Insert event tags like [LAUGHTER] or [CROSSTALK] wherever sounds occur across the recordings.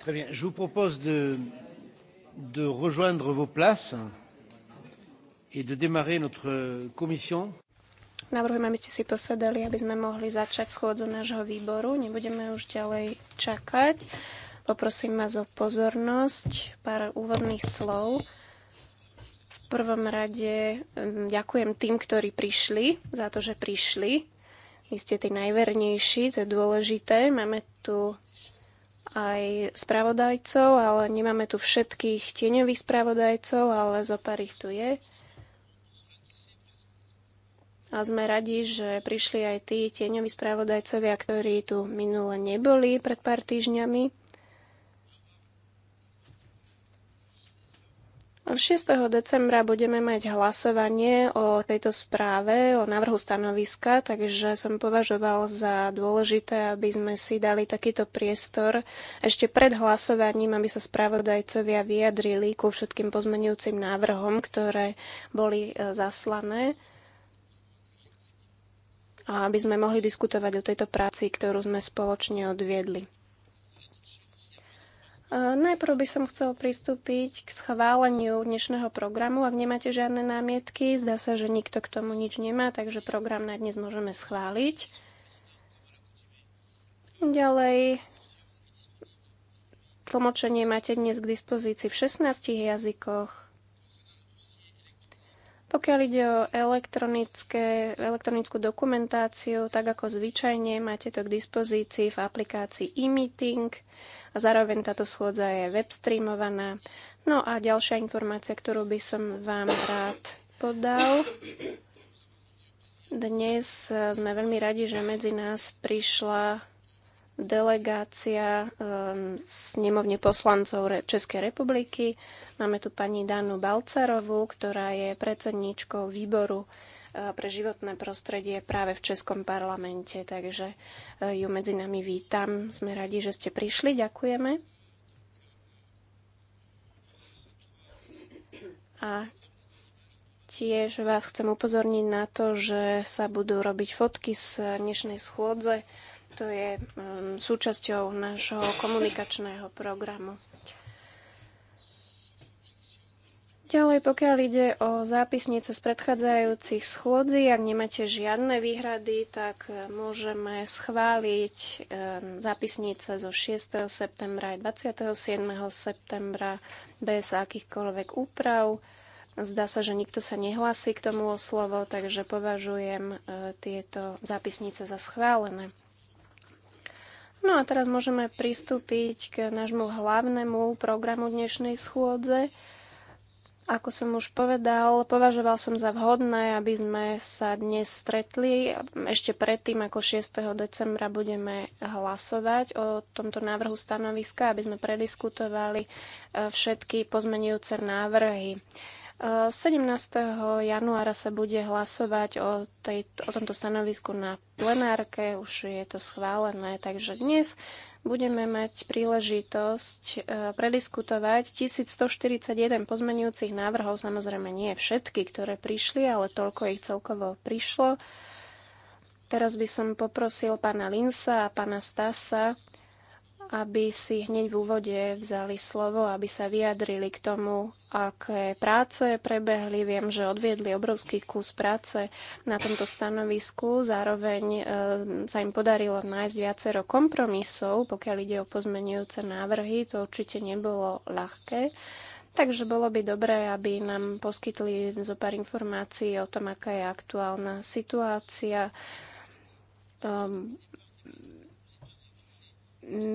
Très bien. Je vous propose de, de rejoindre vos places et de démarrer notre commission. Navrhujem, aby ste si posedali, aby sme mohli začať schôdzu nášho výboru. Nebudeme už ďalej čakať. Poprosím vás o pozornosť, pár úvodných slov. V prvom rade mm, ďakujem tým, ktorí prišli, za to, že prišli. Vy ste tí najvernejší, to je dôležité. Máme tu aj spravodajcov, ale nemáme tu všetkých tieňových spravodajcov, ale zo pár ich tu je. A sme radi, že prišli aj tí tieňoví spravodajcovia, ktorí tu minule neboli pred pár týždňami. 6. decembra budeme mať hlasovanie o tejto správe, o návrhu stanoviska, takže som považoval za dôležité, aby sme si dali takýto priestor ešte pred hlasovaním, aby sa správodajcovia vyjadrili ku všetkým pozmenujúcim návrhom, ktoré boli e, zaslané a aby sme mohli diskutovať o tejto práci, ktorú sme spoločne odviedli. Eh, najprv by som chcel pristúpiť k schváleniu dnešného programu. Ak nemáte žiadne námietky, zdá sa, že nikto k tomu nič nemá, takže program na dnes môžeme schváliť. Ďalej, tlmočenie máte dnes k dispozícii v 16 jazykoch. Pokiaľ ide o elektronickú dokumentáciu, tak ako zvyčajne máte to k dispozícii v aplikácii e-meeting a zároveň táto schôdza je webstreamovaná. No a ďalšia informácia, ktorú by som vám rád podal. Dnes sme veľmi radi, že medzi nás prišla delegácia ehm, s nemovne poslancov Českej republiky. Máme tu pani Danu Balcarovú, ktorá je predsedníčkou výboru eh, pre životné prostredie práve v Českom parlamente, takže eh, ju medzi nami vítam. Sme radi, že ste prišli, ďakujeme. A tiež vás chcem upozorniť na to, že sa budú robiť fotky z dnešnej schôdze to je mm, súčasťou nášho komunikačného programu. Ďalej, pokiaľ ide o zápisnice z predchádzajúcich schôdzi, ak nemáte žiadne výhrady, tak môžeme schváliť zápisnice zo 6. septembra aj 27. septembra bez akýchkoľvek úprav. Zdá sa, že nikto sa nehlasí k tomu o slovo, takže považujem e, tieto zápisnice za schválené. No a teraz môžeme pristúpiť k nášmu hlavnému programu dnešnej schôdze. Ako som už povedal, považoval som za vhodné, aby sme sa dnes stretli. Ešte predtým, ako 6. decembra budeme hlasovať o tomto návrhu stanoviska, aby sme prediskutovali eh, všetky pozmenujúce návrhy. 17. januára sa bude hlasovať o, tej, o tomto stanovisku na plenárke, už je to schválené, takže dnes budeme mať príležitosť e, prediskutovať 1141 pozmenujúcich návrhov, samozrejme nie všetky, ktoré prišli, ale toľko ich celkovo prišlo. Teraz by som poprosil pána Linsa a pána Stasa, aby si hneď v úvode vzali slovo, aby sa vyjadrili k tomu, aké práce prebehli. Viem, že odviedli obrovský kus práce na tomto stanovisku. Zároveň e, sa im podarilo nájsť viacero kompromisov, pokiaľ ide o pozmenujúce návrhy. To určite nebolo ľahké. Takže bolo by dobré, aby nám poskytli zo pár informácií o tom, aká je aktuálna situácia. Um,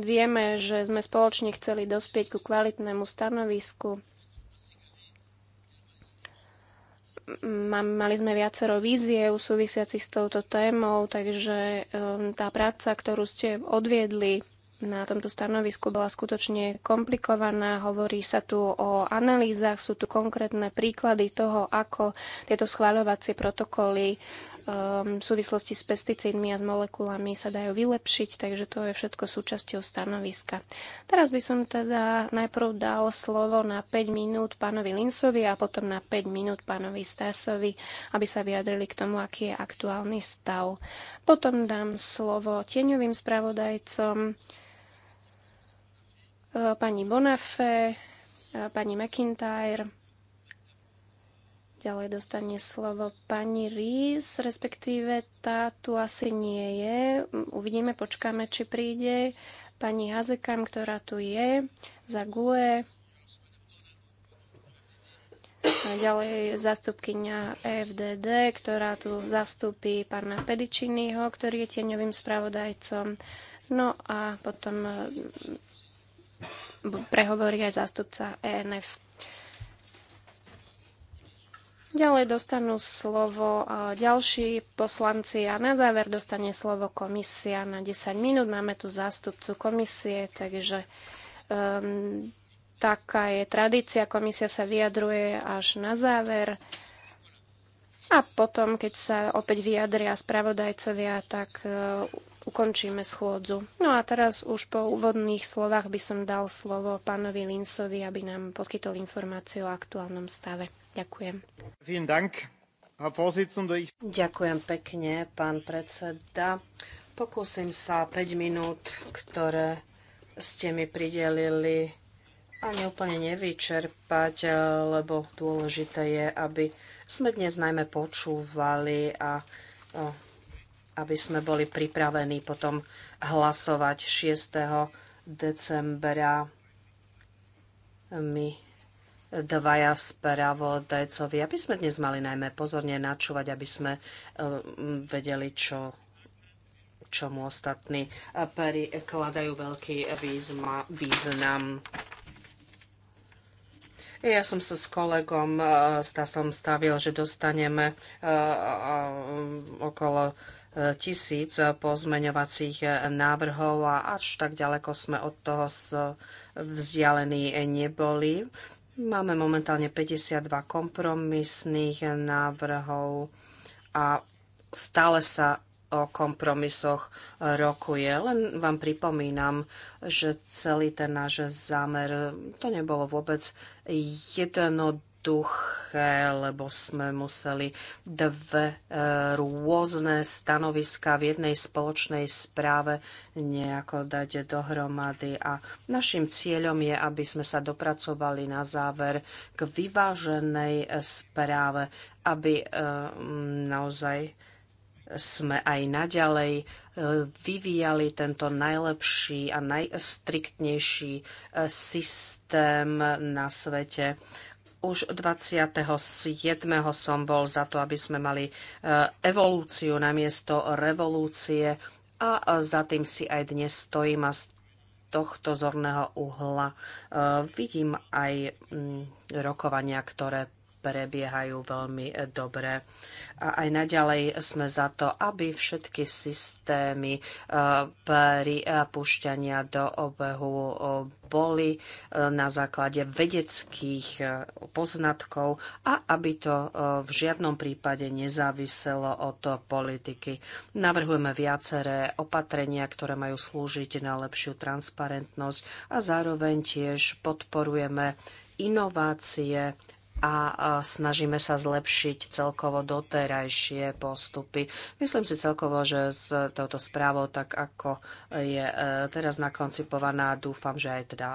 vieme, že sme spoločne chceli dospieť ku kvalitnému stanovisku. Mali sme viacero víziev súvisiacich s touto témou, takže um, tá práca, ktorú ste odviedli na tomto stanovisku, bola skutočne komplikovaná. Hovorí sa tu o analýzach, sú tu konkrétne príklady toho, ako tieto schváľovacie protokoly Um, v súvislosti s pesticídmi a s molekulami sa dajú vylepšiť, takže to je všetko súčasťou stanoviska. Teraz by som teda najprv dal slovo na 5 minút pánovi Linsovi a potom na 5 minút pánovi Stasovi, aby sa vyjadrili k tomu, aký je aktuálny stav. Potom dám slovo tieňovým spravodajcom, uh, pani Bonafé, uh, pani McIntyre, Ďalej dostane slovo pani Rís, respektíve tá tu asi nie je. Uvidíme, počkáme, či príde. Pani Hazekam, ktorá tu je, za GUE. A ďalej zastupkynia FDD, ktorá tu zastupí pána Pedičinyho, ktorý je tieňovým spravodajcom. No a potom mm, prehovorí aj zástupca ENF. Ďalej dostanú slovo ďalší poslanci a na záver dostane slovo komisia na 10 minút. Máme tu zástupcu komisie, takže um, taká je tradícia. Komisia sa vyjadruje až na záver. A potom, keď sa opäť vyjadria spravodajcovia, tak uh, ukončíme schôdzu. No a teraz už po úvodných slovách by som dal slovo pánovi Linsovi, aby nám poskytol informáciu o aktuálnom stave. Ďakujem. Ďakujem pekne, pán predseda. Pokúsim sa 5 minút, ktoré ste mi pridelili ani úplne nevyčerpať, eh, lebo dôležité je, aby sme dnes najmä počúvali a eh, aby sme boli pripravení potom hlasovať 6. decembra. My dvaja spravodajcovi, aby sme dnes mali najmä pozorne načúvať, aby sme e, vedeli, čo čomu ostatní prikladajú veľký význam. Ja som sa s kolegom e, Stasom stavil, že dostaneme e, okolo tisíc pozmeňovacích návrhov a až tak ďaleko sme od toho vzdialení neboli. Máme momentálne 52 kompromisných návrhov a stále sa o kompromisoch rokuje. Len vám pripomínam, že celý ten náš zámer to nebolo vôbec jednoduché jednoduché, lebo sme museli dve e, rôzne stanoviska v jednej spoločnej správe nejako dať dohromady. A našim cieľom je, aby sme sa dopracovali na záver k vyváženej e, správe, aby e, naozaj sme aj naďalej vyvíjali tento najlepší a najstriktnejší systém na svete. Už 27. som bol za to, aby sme mali e, evolúciu namiesto revolúcie a za tým si aj dnes stojím a z tohto zorného uhla e, vidím aj mm, rokovania, ktoré prebiehajú veľmi e, dobre. A aj naďalej sme za to, aby všetky systémy e, pri púšťania do obehu e, boli na základe vedeckých poznatkov a aby to v žiadnom prípade nezáviselo od politiky. Navrhujeme viaceré opatrenia, ktoré majú slúžiť na lepšiu transparentnosť a zároveň tiež podporujeme inovácie a snažíme sa zlepšiť celkovo doterajšie postupy. Myslím si celkovo, že s touto správou, tak ako je e, teraz nakoncipovaná, dúfam, že aj teda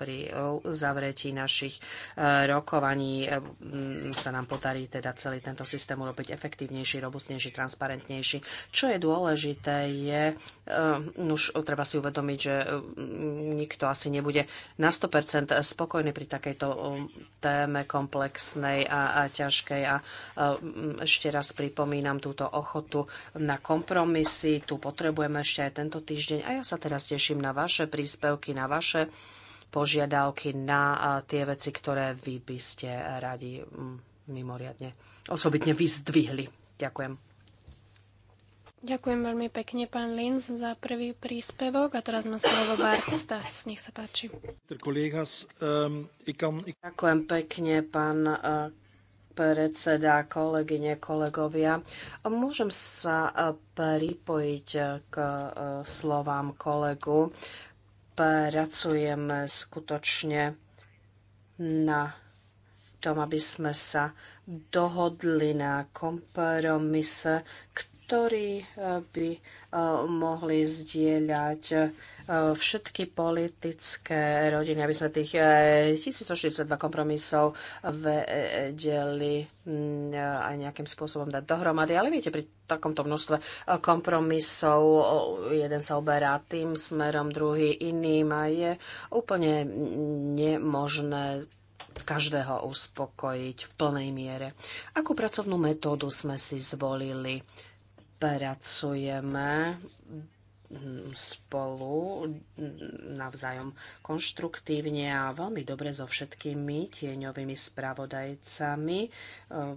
pri uzavretí našich e, rokovaní e, sa nám podarí teda celý tento systém urobiť efektívnejší, robustnejší, transparentnejší. Čo je dôležité je, e, už treba si uvedomiť, že nikto asi nebude na 100% spokojný pri takejto téme komplexnej a, a ťažkej a ešte raz pripomínam túto ochotu na kompromisy. Tu potrebujeme ešte aj tento týždeň a ja sa teraz teším na vaše príspevky, na vaše požiadavky na tie veci, ktoré vy by ste radi mm, mimoriadne osobitne vyzdvihli. Ďakujem. Ďakujem veľmi pekne, pán Linz, za prvý príspevok. A teraz má slovo Bart Stas. Nech sa páči. Ehm, Ďakujem pekne, pán e, predseda, kolegyne, kolegovia. Môžem sa e, pripojiť e, k slovám kolegu pracujeme skutočne na tom, aby sme sa dohodli na kompromise, ktorý eh, by eh, mohli zdieľať Eh, všetky politické rodiny, aby sme tých 1142 eh, kompromisov vedeli mm, aj nejakým spôsobom dať dohromady. Ale viete, pri takomto množstve eh, kompromisov jeden sa oberá tým smerom, druhý iným a je úplne nemožné každého uspokojiť v plnej miere. Akú pracovnú metódu sme si zvolili? Pracujeme spolu mm, navzájom konštruktívne a veľmi dobre so všetkými tieňovými spravodajcami. E,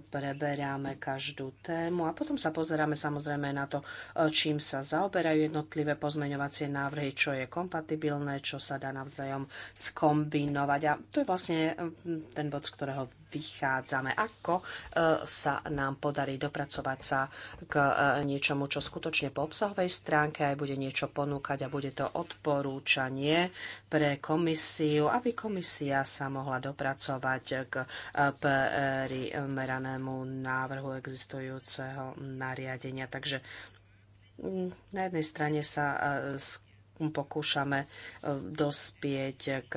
preberáme každú tému a potom sa pozeráme samozrejme na to, e, čím sa zaoberajú jednotlivé pozmeňovacie návrhy, čo je kompatibilné, čo sa dá navzájom skombinovať. A to je vlastne e, ten bod, z ktorého vychádzame, ako e, sa nám podarí dopracovať sa k e, niečomu, čo skutočne po obsahovej stránke aj bude niečo ponúkať a bude to odporúčanie pre komisiu, aby komisia sa mohla dopracovať k e, primeranému návrhu existujúceho nariadenia. Takže na jednej strane sa pokúšame dospieť k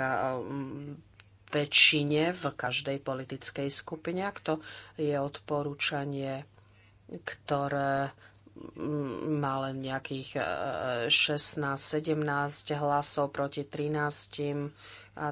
väčšine v každej politickej skupine. Ak to je odporúčanie, ktoré má len nejakých 16-17 eh, hlasov proti 13 a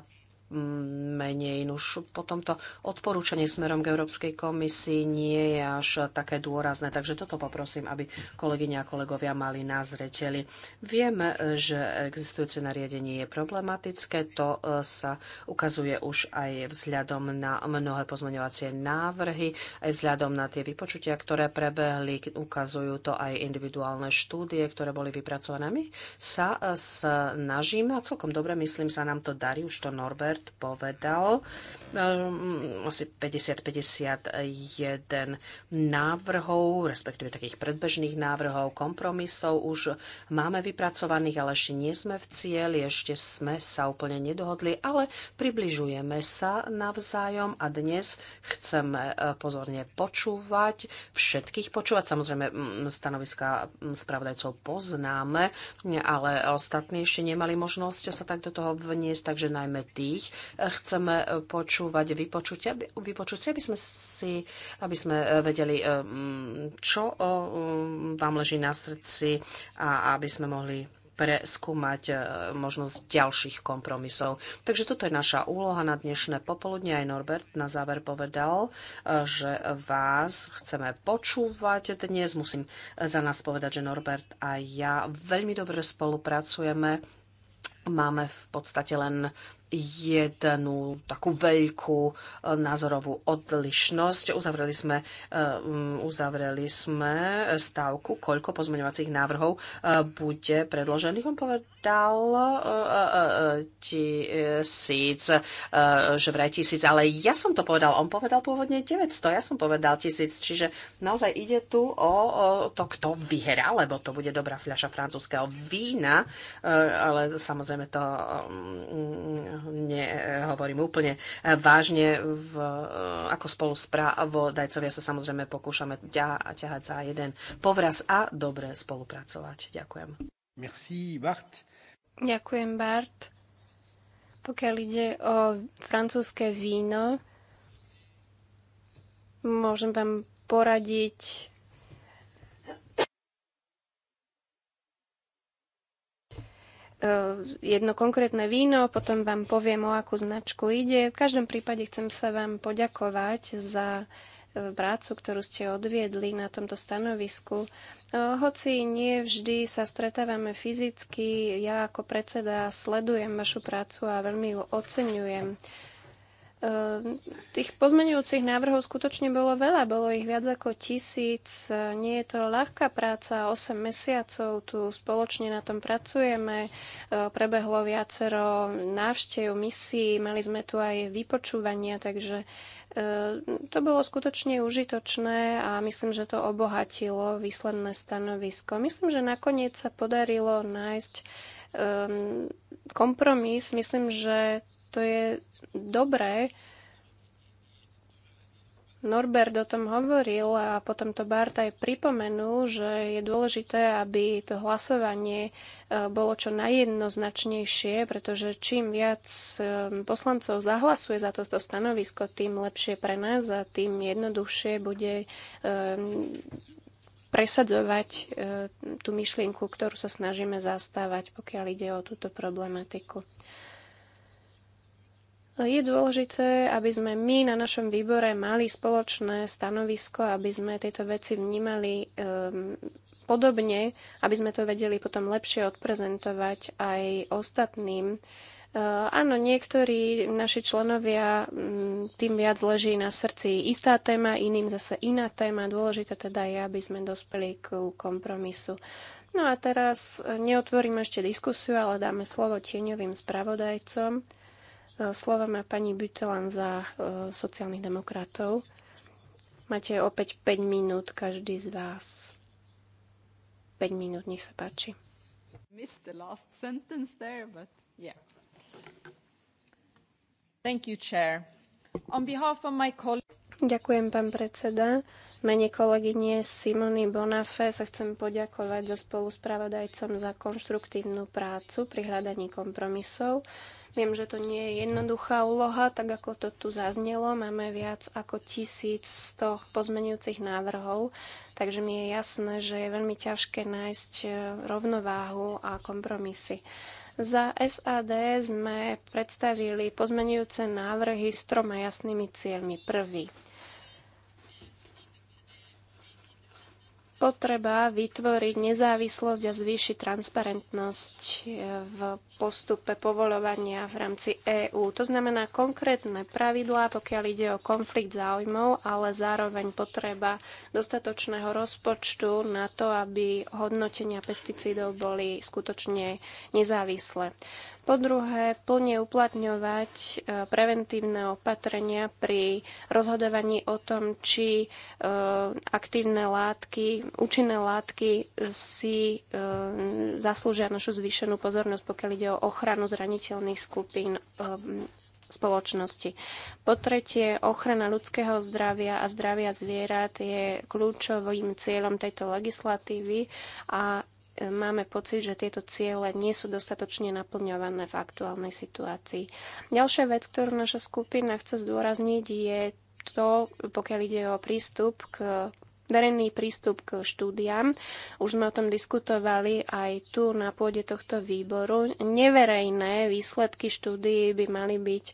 menej. Už potom to odporúčanie smerom k Európskej komisii nie je až také dôrazné, takže toto poprosím, aby kolegyne a kolegovia mali na zreteli. Vieme, že existujúce nariadenie je problematické, to e, sa ukazuje už aj vzhľadom na mnohé pozmeňovacie návrhy, aj vzhľadom na tie vypočutia, ktoré prebehli, ukazujú to aj individuálne štúdie, ktoré boli vypracované. My sa e, snažíme a celkom dobre, myslím, sa nám to darí, už to Norbert Robert povedal, ehm, asi 50-51 návrhov, respektíve takých predbežných návrhov, kompromisov už máme vypracovaných, ale ešte nie sme v cieli, ešte sme sa úplne nedohodli, ale približujeme sa navzájom a dnes chceme e, pozorne počúvať, všetkých počúvať. Samozrejme, stanoviska spravodajcov poznáme, ale ostatní ešte nemali možnosť sa tak do toho vniesť, takže najmä tých, ich eh, chceme eh, počúvať, vypočuť, aby, vypočuť aby sme si, aby sme eh, vedeli, mm, čo mm, vám leží na srdci a aby sme mohli preskúmať možnosť ďalších kompromisov. Takže toto je naša úloha na dnešné popoludne. Aj Norbert na záver povedal, že vás chceme počúvať dnes. Musím za nás povedať, že Norbert a ja veľmi dobre spolupracujeme. Máme v podstate len jednu takú veľkú e, názorovú odlišnosť. Uzavreli sme, e, uzavreli sme stávku, koľko pozmeňovacích návrhov e, bude predložených. On povedal tisíc, že vraj tisíc, ale ja som to povedal. On povedal pôvodne 900, ja som povedal tisíc, čiže naozaj ide tu o to, kto vyhrá, lebo to bude dobrá fľaša francúzského vína, ale samozrejme to nehovorím úplne vážne. V, ako spolu správodajcovia sa samozrejme pokúšame ťahať, ťahať za jeden povraz a dobre spolupracovať. Ďakujem. Merci, Bart. Ďakujem, Bart. Pokiaľ ide o francúzske víno, môžem vám poradiť E, jedno konkrétne víno, potom vám poviem, o akú značku ide. V každom prípade chcem sa vám poďakovať za e, prácu, ktorú ste odviedli na tomto stanovisku. E, hoci nie vždy sa stretávame fyzicky, ja ako predseda sledujem vašu prácu a veľmi ju oceňujem. Ehm, tých pozmenujúcich návrhov skutočne bolo veľa, bolo ich viac ako tisíc. Ehm, nie je to ľahká práca, 8 mesiacov tu spoločne na tom pracujeme. Ehm, prebehlo viacero návštev, misií, mali sme tu aj vypočúvania, takže to bolo skutočne užitočné a myslím, že to obohatilo výsledné stanovisko. Myslím, že nakoniec sa podarilo nájsť kompromis. Myslím, že to je dobré. Norbert o tom hovoril a potom to Bart aj pripomenul, že je dôležité, aby to hlasovanie e, bolo čo najjednoznačnejšie, pretože čím viac e, poslancov zahlasuje za toto stanovisko, tým lepšie pre nás a tým jednoduchšie bude e, presadzovať tú myšlienku, ktorú sa snažíme zastávať, pokiaľ ide o túto problematiku. Je dôležité, aby sme my na našom výbore mali spoločné stanovisko, aby sme tieto veci vnímali um, podobne, aby sme to vedeli potom lepšie odprezentovať aj ostatným. Uh, áno, niektorí naši členovia um, tým viac leží na srdci istá téma, iným zase iná téma. Dôležité teda je, aby sme dospeli k kompromisu. No a teraz e, neotvorím ešte diskusiu, ale dáme slovo tieňovým spravodajcom. E, Slova má pani Butelan za e, sociálnych demokratov. Máte opäť 5 minút, každý z vás. 5 minút, nech sa páči. There, but... yeah. you, of Ďakujem, pán predseda. Mene kolegyne Simony Bonafé sa chcem poďakovať za spoluspravodajcom za konštruktívnu prácu pri hľadaní kompromisov Viem, že to nie je jednoduchá úloha, tak ako to tu zaznelo. Máme viac ako 1100 pozmenujúcich návrhov, takže mi je jasné, že je veľmi ťažké nájsť e, rovnováhu a kompromisy. Za SAD sme predstavili pozmenujúce návrhy s troma jasnými cieľmi. Prvý potreba vytvoriť nezávislosť a zvýšiť transparentnosť eh, v postupe povolovania v rámci EÚ. To znamená konkrétne pravidlá, pokiaľ ide o konflikt záujmov, ale zároveň potreba dostatočného rozpočtu na to, aby hodnotenia pesticídov boli skutočne nezávislé. Po druhé, plne uplatňovať e, preventívne opatrenia pri rozhodovaní o tom, či e, aktívne látky, účinné látky si e, zaslúžia našu zvýšenú pozornosť, pokiaľ ide o ochranu zraniteľných skupín spoločnosti. Po tretie, ochrana ľudského zdravia a zdravia zvierat je kľúčovým cieľom tejto legislatívy a máme pocit, že tieto ciele nie sú dostatočne naplňované v aktuálnej situácii. Ďalšia vec, ktorú naša skupina chce zdôrazniť, je to, pokiaľ ide o prístup k verejný prístup k štúdiám. Už sme o tom diskutovali aj tu na pôde tohto výboru. Neverejné výsledky štúdií by mali byť e,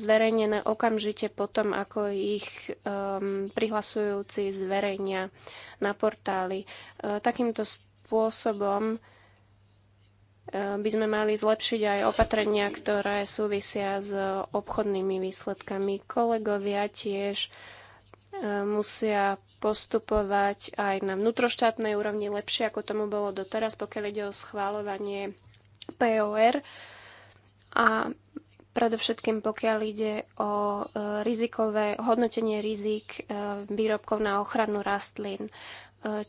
zverejnené okamžite potom, ako ich um, e, prihlasujúci zverejnia na portáli. E, takýmto spôsobom e, by sme mali zlepšiť aj opatrenia, ktoré súvisia s obchodnými výsledkami. Kolegovia tiež e, musia postupovať aj na vnútroštátnej úrovni lepšie, ako tomu bolo doteraz, pokiaľ ide o schváľovanie POR. A predovšetkým pokiaľ ide o e, rizikové hodnotenie rizik výrobkov na ochranu rastlín.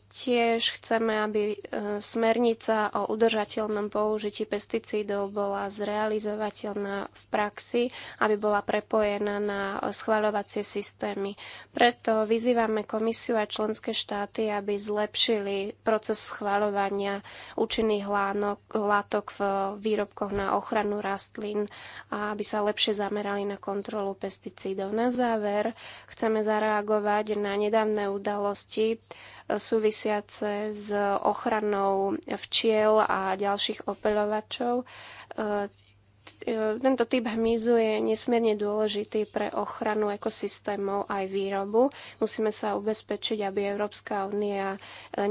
Tiež chceme, aby e, smernica o udržateľnom použití pesticídov bola zrealizovateľná v praxi, aby bola prepojená na schváľovacie systémy. Preto vyzývame komisiu a členské štáty, aby zlepšili proces schváľovania účinných látok v výrobkoch na ochranu rastlín a aby sa lepšie zamerali na kontrolu pesticídov. Na záver chceme zareagovať na nedávne udalosti, súvisiace s ochranou včiel a ďalších opeľovačov. E, e, tento typ hmyzu je nesmierne dôležitý pre ochranu ekosystémov aj výrobu. Musíme sa ubezpečiť, aby Európska únia e,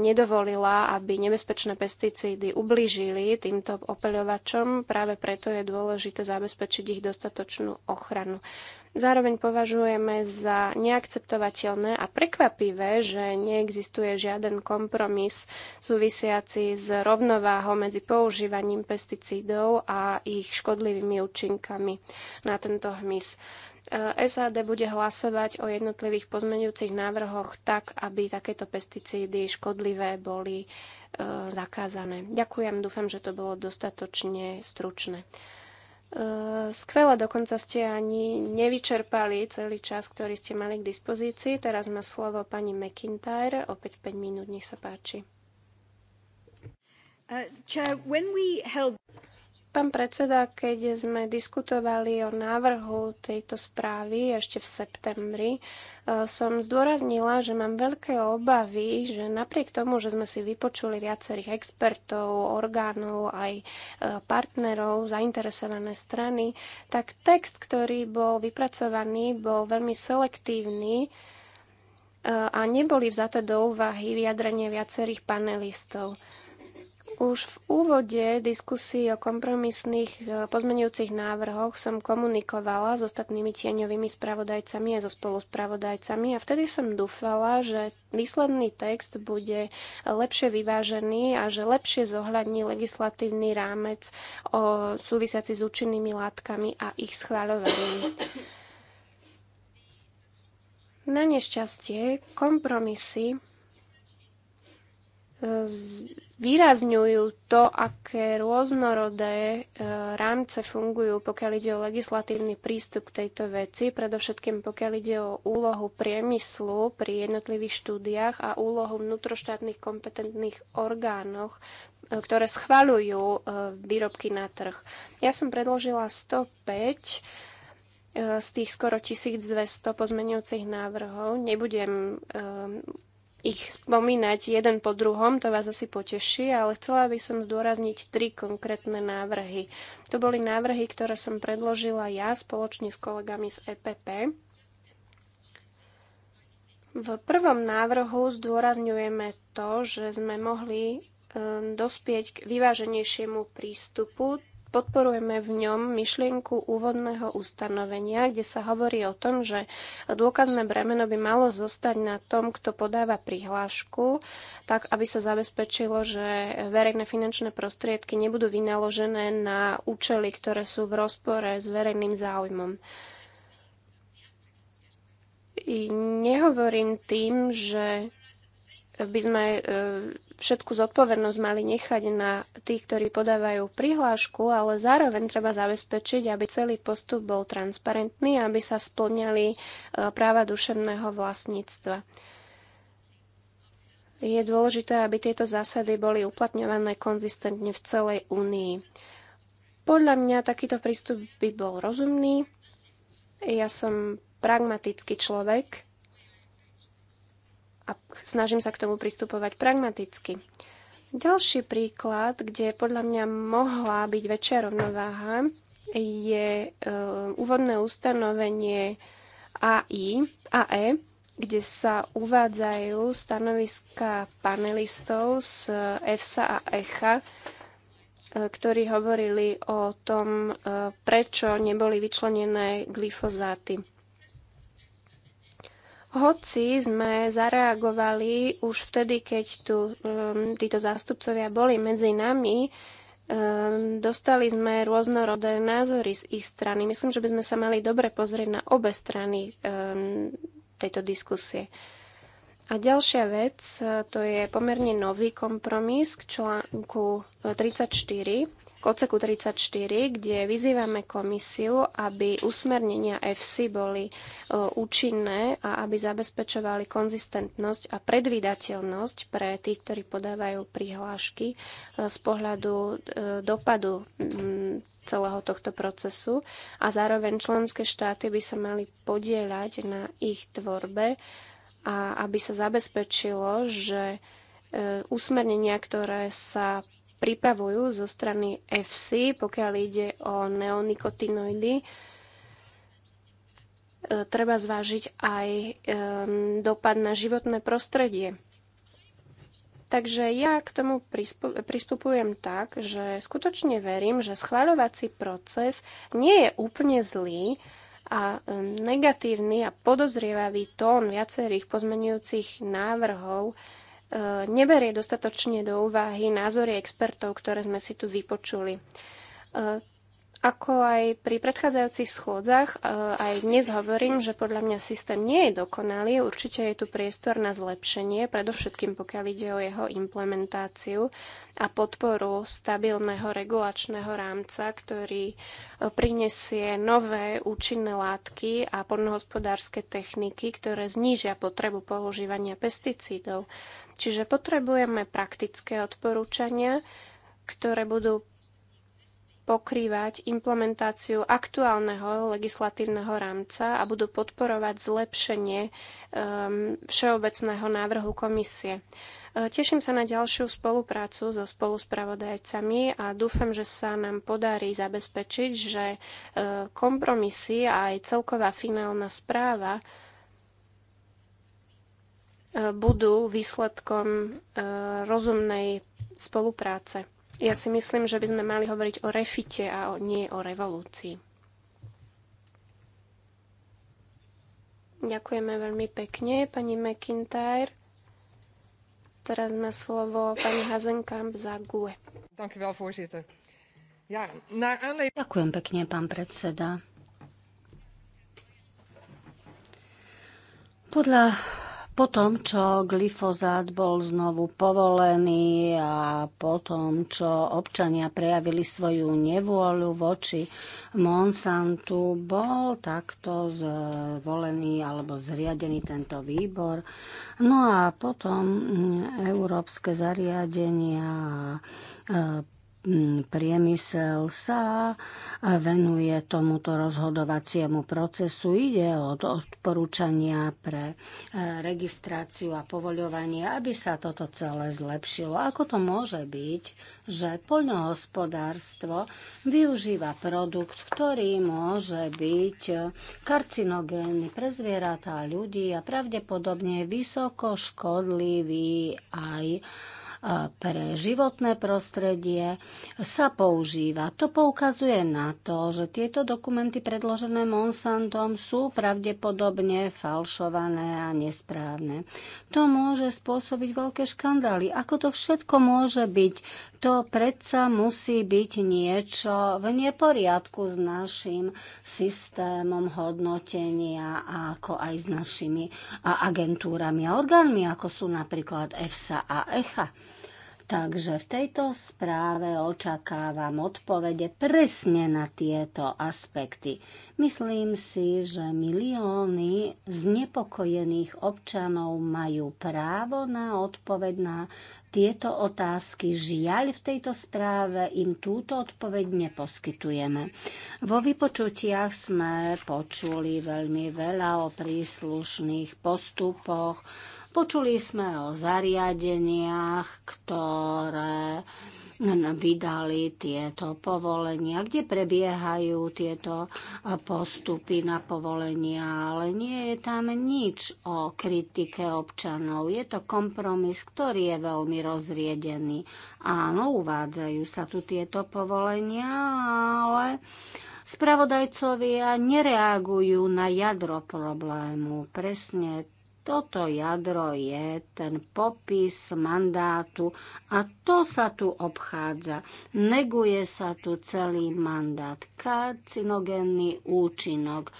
nedovolila, aby nebezpečné pesticídy ublížili týmto opeľovačom. Práve preto je dôležité zabezpečiť ich dostatočnú ochranu. Zároveň považujeme za neakceptovateľné a prekvapivé, že neexistuje žiaden kompromis súvisiaci s rovnováhou medzi používaním pesticídov a ich škodlivými účinkami na tento hmyz. E, SAD bude hlasovať o jednotlivých pozmeňujúcich návrhoch tak, aby takéto pesticídy škodlivé boli e, zakázané. Ďakujem, dúfam, že to bolo dostatočne stručné. Eh, skvelé, dokonca ste ani nevyčerpali celý čas, ktorý ste mali k dispozícii. Teraz má slovo pani McIntyre, opäť 5 minút, nech sa páči. Uh, Chair, when we held... Pán predseda, keď sme diskutovali o návrhu tejto správy ešte v septembri, e, som zdôraznila, že mám veľké obavy, že napriek tomu, že sme si vypočuli viacerých expertov, orgánov, aj e, partnerov, zainteresované strany, tak text, ktorý bol vypracovaný, bol veľmi selektívny e, a neboli vzaté do úvahy vyjadrenie viacerých panelistov. Už v úvode diskusí o kompromisných e, pozmenujúcich návrhoch som komunikovala s ostatnými tieňovými spravodajcami a so spoluspravodajcami a vtedy som dúfala, že výsledný text bude lepšie vyvážený a že lepšie zohľadní legislatívny rámec o e, súvisiaci s účinnými látkami a ich schváľovaním. Na nešťastie kompromisy výrazňujú to, aké rôznorodé e, rámce fungujú, pokiaľ ide o legislatívny prístup k tejto veci, predovšetkým pokiaľ ide o úlohu priemyslu pri jednotlivých štúdiách a úlohu vnútroštátnych kompetentných orgánoch, e, ktoré schvaľujú e, výrobky na trh. Ja som predložila 105 z tých skoro 1200 pozmeňujúcich návrhov. Nebudem ich spomínať jeden po druhom, to vás asi poteší, ale chcela by som zdôrazniť tri konkrétne návrhy. To boli návrhy, ktoré som predložila ja spoločne s kolegami z EPP. V prvom návrhu zdôrazňujeme to, že sme mohli ehm, dospieť k vyváženejšiemu prístupu podporujeme v ňom myšlienku úvodného ustanovenia, kde sa hovorí o tom, že dôkazné bremeno by malo zostať na tom, kto podáva prihlášku, tak aby sa zabezpečilo, že verejné finančné prostriedky nebudú vynaložené na účely, ktoré sú v rozpore s verejným záujmom. I nehovorím tým, že by sme e, všetku zodpovednosť mali nechať na tých, ktorí podávajú prihlášku, ale zároveň treba zabezpečiť, aby celý postup bol transparentný, aby sa splňali e, práva duševného vlastníctva. Je dôležité, aby tieto zásady boli uplatňované konzistentne v celej únii. Podľa mňa takýto prístup by bol rozumný. Ja som pragmatický človek a snažím sa k tomu pristupovať pragmaticky. Ďalší príklad, kde podľa mňa mohla byť väčšia rovnováha, je e, úvodné ustanovenie AI, AE, kde sa uvádzajú stanoviska panelistov z EFSA a ECHA, e, ktorí hovorili o tom, e, prečo neboli vyčlenené glyfozáty. Hoci sme zareagovali už vtedy, keď tu um, títo zástupcovia boli medzi nami, um, dostali sme rôznorodé názory z ich strany. Myslím, že by sme sa mali dobre pozrieť na obe strany um, tejto diskusie. Uh, a ďalšia vec, e, to je pomerne nový kompromis k článku 34, e, k odseku 34, kde vyzývame komisiu, aby usmernenia FC boli e, účinné a aby zabezpečovali konzistentnosť a predvydateľnosť pre tých, ktorí podávajú prihlášky z pohľadu dopadu celého tohto procesu a zároveň členské štáty by sa mali podieľať na ich tvorbe a aby sa zabezpečilo, že e, usmernenia, ktoré sa pripravujú zo strany FC, pokiaľ ide o neonikotinoidy, e, treba zvážiť aj e, dopad na životné prostredie. Takže ja k tomu pristupujem tak, že skutočne verím, že schváľovací proces nie je úplne zlý, a negatívny a podozrievavý tón viacerých pozmenujúcich návrhov e, neberie dostatočne do úvahy názory expertov, ktoré sme si tu vypočuli. E, ako aj pri predchádzajúcich schôdzach, e, aj dnes hovorím, že podľa mňa systém nie je dokonalý, určite je tu priestor na zlepšenie, predovšetkým pokiaľ ide o jeho implementáciu a podporu stabilného regulačného rámca, ktorý e, prinesie nové účinné látky a podnohospodárske techniky, ktoré znížia potrebu používania pesticídov. Čiže potrebujeme praktické odporúčania, ktoré budú pokrývať implementáciu aktuálneho legislatívneho rámca a budú podporovať zlepšenie ehm, všeobecného návrhu komisie. E, teším sa na ďalšiu spoluprácu so spoluspravodajcami a dúfam, že sa nám podarí zabezpečiť, že e, kompromisy a aj celková finálna správa e, budú výsledkom rozumnej spolupráce. Ja si myslím, že by sme mali hovoriť o refite a o, nie o revolúcii. Ďakujeme veľmi pekne, pani McIntyre. Teraz má slovo pani Hazenkamp za GUE. Ďakujem pekne, pán predseda. Podľa po tom, čo glyfozát bol znovu povolený a po tom, čo občania prejavili svoju nevôľu voči Monsantu, bol takto zvolený alebo zriadený tento výbor. No a potom mm, európske zariadenia e, Mm, priemysel sa venuje tomuto rozhodovaciemu procesu. Ide o odporúčania pre e, registráciu a povoľovanie, aby sa toto celé zlepšilo. Ako to môže byť, že poľnohospodárstvo využíva produkt, ktorý môže byť karcinogénny pre zvieratá a ľudí a pravdepodobne vysoko škodlivý aj pre životné prostredie sa používa. To poukazuje na to, že tieto dokumenty predložené Monsantom sú pravdepodobne falšované a nesprávne. To môže spôsobiť veľké škandály. Ako to všetko môže byť? To predsa musí byť niečo v neporiadku s našim systémom hodnotenia ako aj s našimi agentúrami a orgánmi, ako sú napríklad EFSA a ECHA. Takže v tejto správe očakávam odpovede presne na tieto aspekty. Myslím si, že milióny znepokojených občanov majú právo na odpoveď na tieto otázky. Žiaľ, v tejto správe im túto odpoveď neposkytujeme. Vo vypočutiach sme počuli veľmi veľa o príslušných postupoch, Počuli sme o zariadeniach, ktoré vydali tieto povolenia, kde prebiehajú tieto postupy na povolenia, ale nie je tam nič o kritike občanov. Je to kompromis, ktorý je veľmi rozriedený. Áno, uvádzajú sa tu tieto povolenia, ale spravodajcovia nereagujú na jadro problému. Presne toto jadro je ten popis mandátu a to sa tu obchádza. Neguje sa tu celý mandát, karcinogénny účinok, e,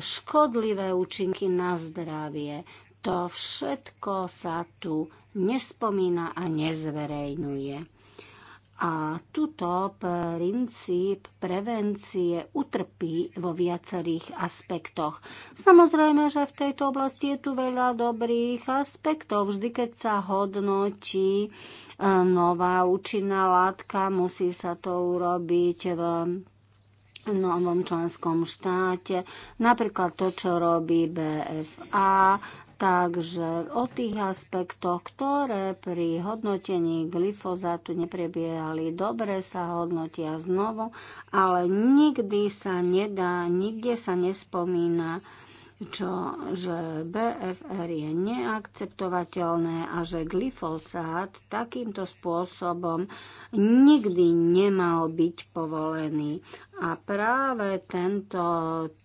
škodlivé účinky na zdravie. To všetko sa tu nespomína a nezverejňuje. A tuto princíp prevencie utrpí vo viacerých aspektoch. Samozrejme, že v tejto oblasti je tu veľa dobrých aspektov. Vždy, keď sa hodnotí e, nová účinná látka, musí sa to urobiť v novom členskom štáte. Napríklad to, čo robí BFA, Takže o tých aspektoch, ktoré pri hodnotení glyfozátu neprebiehali dobre, sa hodnotia znovu, ale nikdy sa nedá, nikde sa nespomína čo, že BFR je neakceptovateľné a že glyfosát takýmto spôsobom nikdy nemal byť povolený. A práve tento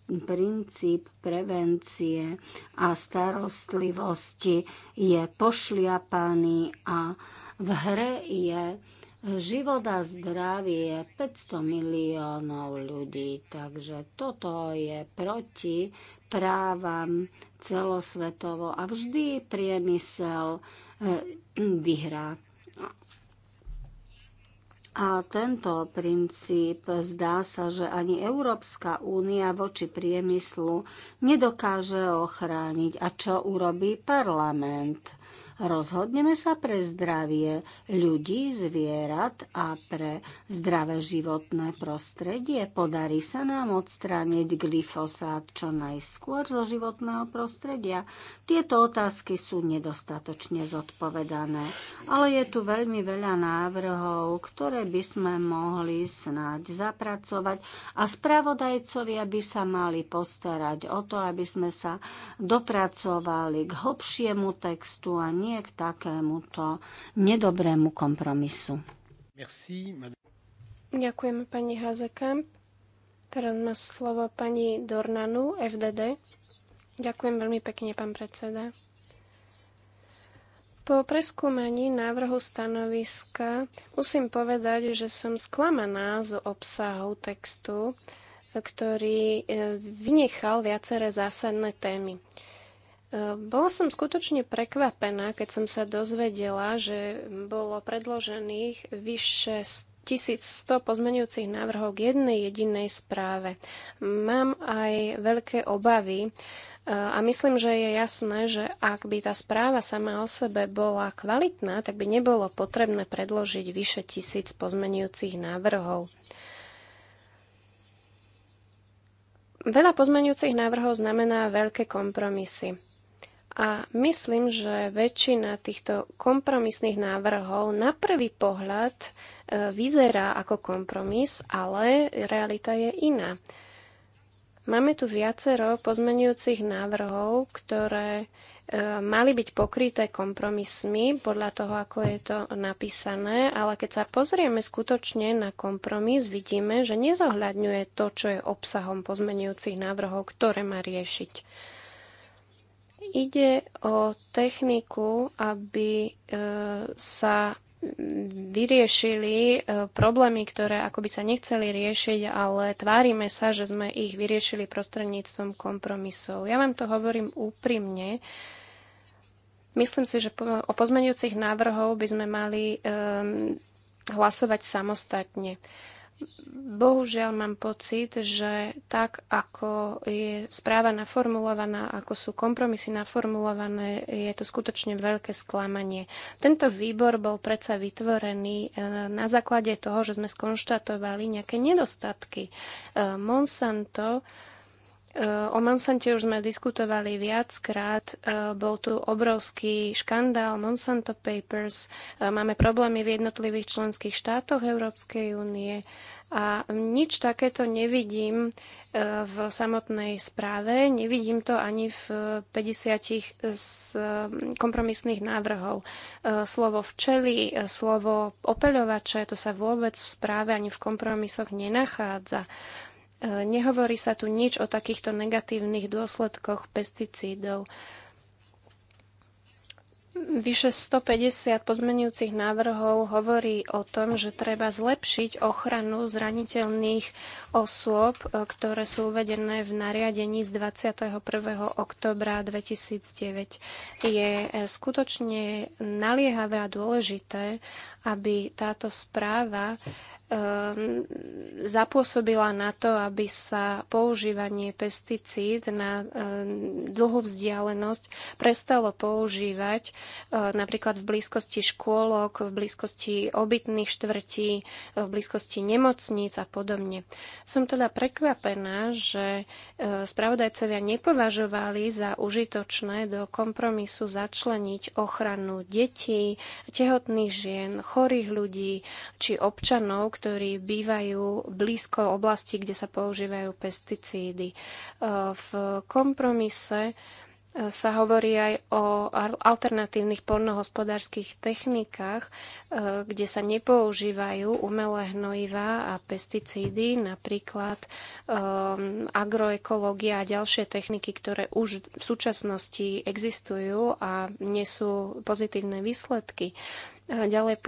princíp prevencie a starostlivosti je pošliapaný a v hre je život a zdravie 500 miliónov ľudí. Takže toto je proti právam celosvetovo a vždy priemysel eh, vyhrá. A tento princíp zdá sa, že ani Európska únia voči priemyslu nedokáže ochrániť. A čo urobí parlament? Rozhodneme sa pre zdravie ľudí, zvierat a pre zdravé životné prostredie. Podarí sa nám odstrániť glyfosát čo najskôr zo životného prostredia? Tieto otázky sú nedostatočne zodpovedané, ale je tu veľmi veľa návrhov, ktoré by sme mohli snáď zapracovať a spravodajcovia by sa mali postarať o to, aby sme sa dopracovali k hlbšiemu textu a nie nie k takémuto nedobrému kompromisu. Merci, Ďakujeme pani Hazekamp. Teraz má slovo pani Dornanu, FDD. Ďakujem veľmi pekne, pán predseda. Po preskúmaní návrhu stanoviska musím povedať, že som sklamaná z obsahu textu, ktorý e, vynechal viaceré zásadné témy. Bola som skutočne prekvapená, keď som sa dozvedela, že bolo predložených vyše 1100 pozmenujúcich návrhov k jednej jedinej správe. Mám aj veľké obavy e, a myslím, že je jasné, že ak by tá správa sama o sebe bola kvalitná, tak by nebolo potrebné predložiť vyše tisíc pozmenujúcich návrhov. Veľa pozmenujúcich návrhov znamená veľké kompromisy. A myslím, že väčšina týchto kompromisných návrhov na prvý pohľad e, vyzerá ako kompromis, ale realita je iná. Máme tu viacero pozmenujúcich návrhov, ktoré e, mali byť pokryté kompromismi podľa toho, ako je to napísané, ale keď sa pozrieme skutočne na kompromis, vidíme, že nezohľadňuje to, čo je obsahom pozmenujúcich návrhov, ktoré má riešiť. Ide o techniku, aby e, sa vyriešili e, problémy, ktoré akoby sa nechceli riešiť, ale tvárime sa, že sme ich vyriešili prostredníctvom kompromisov. Ja vám to hovorím úprimne. Myslím si, že o pozmeňujúcich návrhov by sme mali um, hlasovať samostatne. Uh, bohužiaľ mám pocit, že tak, ako je správa naformulovaná, ako sú kompromisy naformulované, je to skutočne veľké sklamanie. Tento výbor bol predsa vytvorený e, na základe toho, že sme skonštatovali nejaké nedostatky. E, Monsanto E, o Monsante už sme diskutovali viackrát. E, bol tu obrovský škandál Monsanto Papers. E, máme problémy v jednotlivých členských štátoch Európskej únie. A nič takéto nevidím v samotnej správe, nevidím to ani v 50 z kompromisných návrhov. Slovo včely, slovo opeľovače, to sa vôbec v správe ani v kompromisoch nenachádza. Nehovorí sa tu nič o takýchto negatívnych dôsledkoch pesticídov. Vyše 150 pozmenujúcich návrhov hovorí o tom, že treba zlepšiť ochranu zraniteľných osôb, ktoré sú uvedené v nariadení z 21. oktobra 2009. Je eh, skutočne naliehavé a dôležité, aby táto správa Ehm, zapôsobila na to, aby sa používanie pesticíd na ehm, dlhú vzdialenosť prestalo používať eh, napríklad v blízkosti škôlok, v blízkosti obytných štvrtí, eh, v blízkosti nemocníc a podobne. Som teda prekvapená, že eh, spravodajcovia nepovažovali za užitočné do kompromisu začleniť ochranu detí, tehotných žien, chorých ľudí či občanov, ktorí bývajú blízko oblasti, kde sa používajú pesticídy. E, v kompromise e, sa hovorí aj o alternatívnych polnohospodárskych technikách, e, kde sa nepoužívajú umelé hnojivá a pesticídy, napríklad um, agroekológia a ďalšie techniky, ktoré už v súčasnosti existujú a nesú pozitívne výsledky. Ďalej e,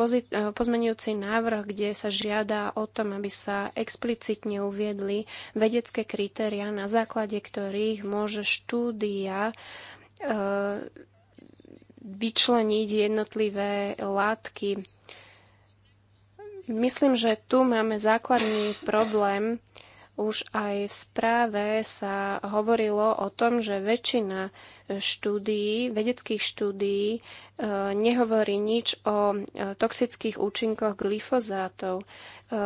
pozmenujúci návrh, kde sa žiada o tom, aby sa explicitne uviedli vedecké kritéria, na základe ktorých môže štúdia e, vyčleniť jednotlivé látky. Myslím, že tu máme základný problém, už aj v správe sa hovorilo o tom, že väčšina štúdií, vedeckých štúdií e, nehovorí nič o e, toxických účinkoch glyfozátov. E,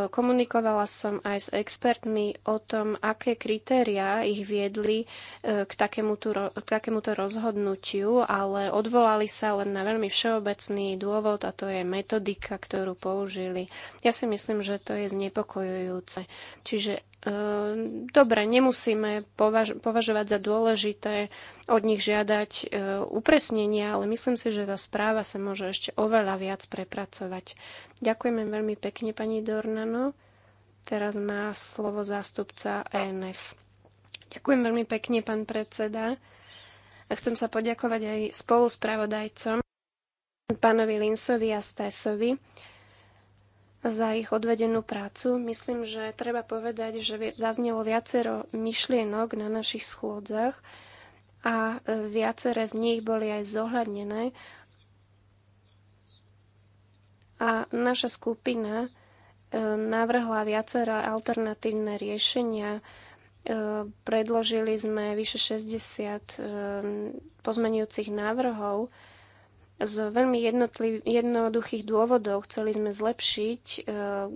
komunikovala som aj s expertmi o tom, aké kritériá ich viedli k takémuto, k takémuto rozhodnutiu, ale odvolali sa len na veľmi všeobecný dôvod a to je metodika, ktorú použili. Ja si myslím, že to je znepokojujúce. Čiže Ehm, dobre, nemusíme považ- považovať za dôležité od nich žiadať ehm, upresnenia, ale myslím si, že tá správa sa môže ešte oveľa viac prepracovať. Ďakujeme veľmi pekne, pani Dornano. Teraz má slovo zástupca ENF. Ďakujem veľmi pekne, pán predseda. A chcem sa poďakovať aj spoluspravodajcom, pánovi Linsovi a Stesovi za ich odvedenú prácu. Myslím, že treba povedať, že zaznelo viacero myšlienok na našich schôdzach a e, viaceré z nich boli aj zohľadnené. A naša skupina e, navrhla viaceré alternatívne riešenia. E, predložili sme vyše 60 pozmenujúcich návrhov z veľmi jednoduchých dôvodov chceli sme zlepšiť e,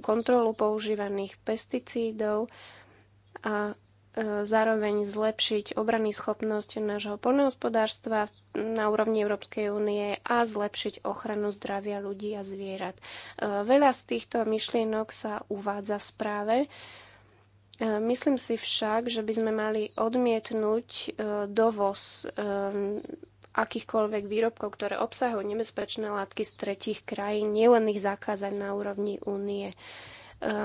kontrolu používaných pesticídov a e, zároveň zlepšiť obrany schopnosť nášho poľnohospodárstva na úrovni Európskej únie a zlepšiť ochranu zdravia ľudí a zvierat. E, veľa z týchto myšlienok sa uvádza v správe. Myslím si však, že by sme mali odmietnúť dovoz akýchkoľvek výrobkov, ktoré obsahujú nebezpečné látky z tretích krajín, nielen ich zakázať na úrovni únie. E,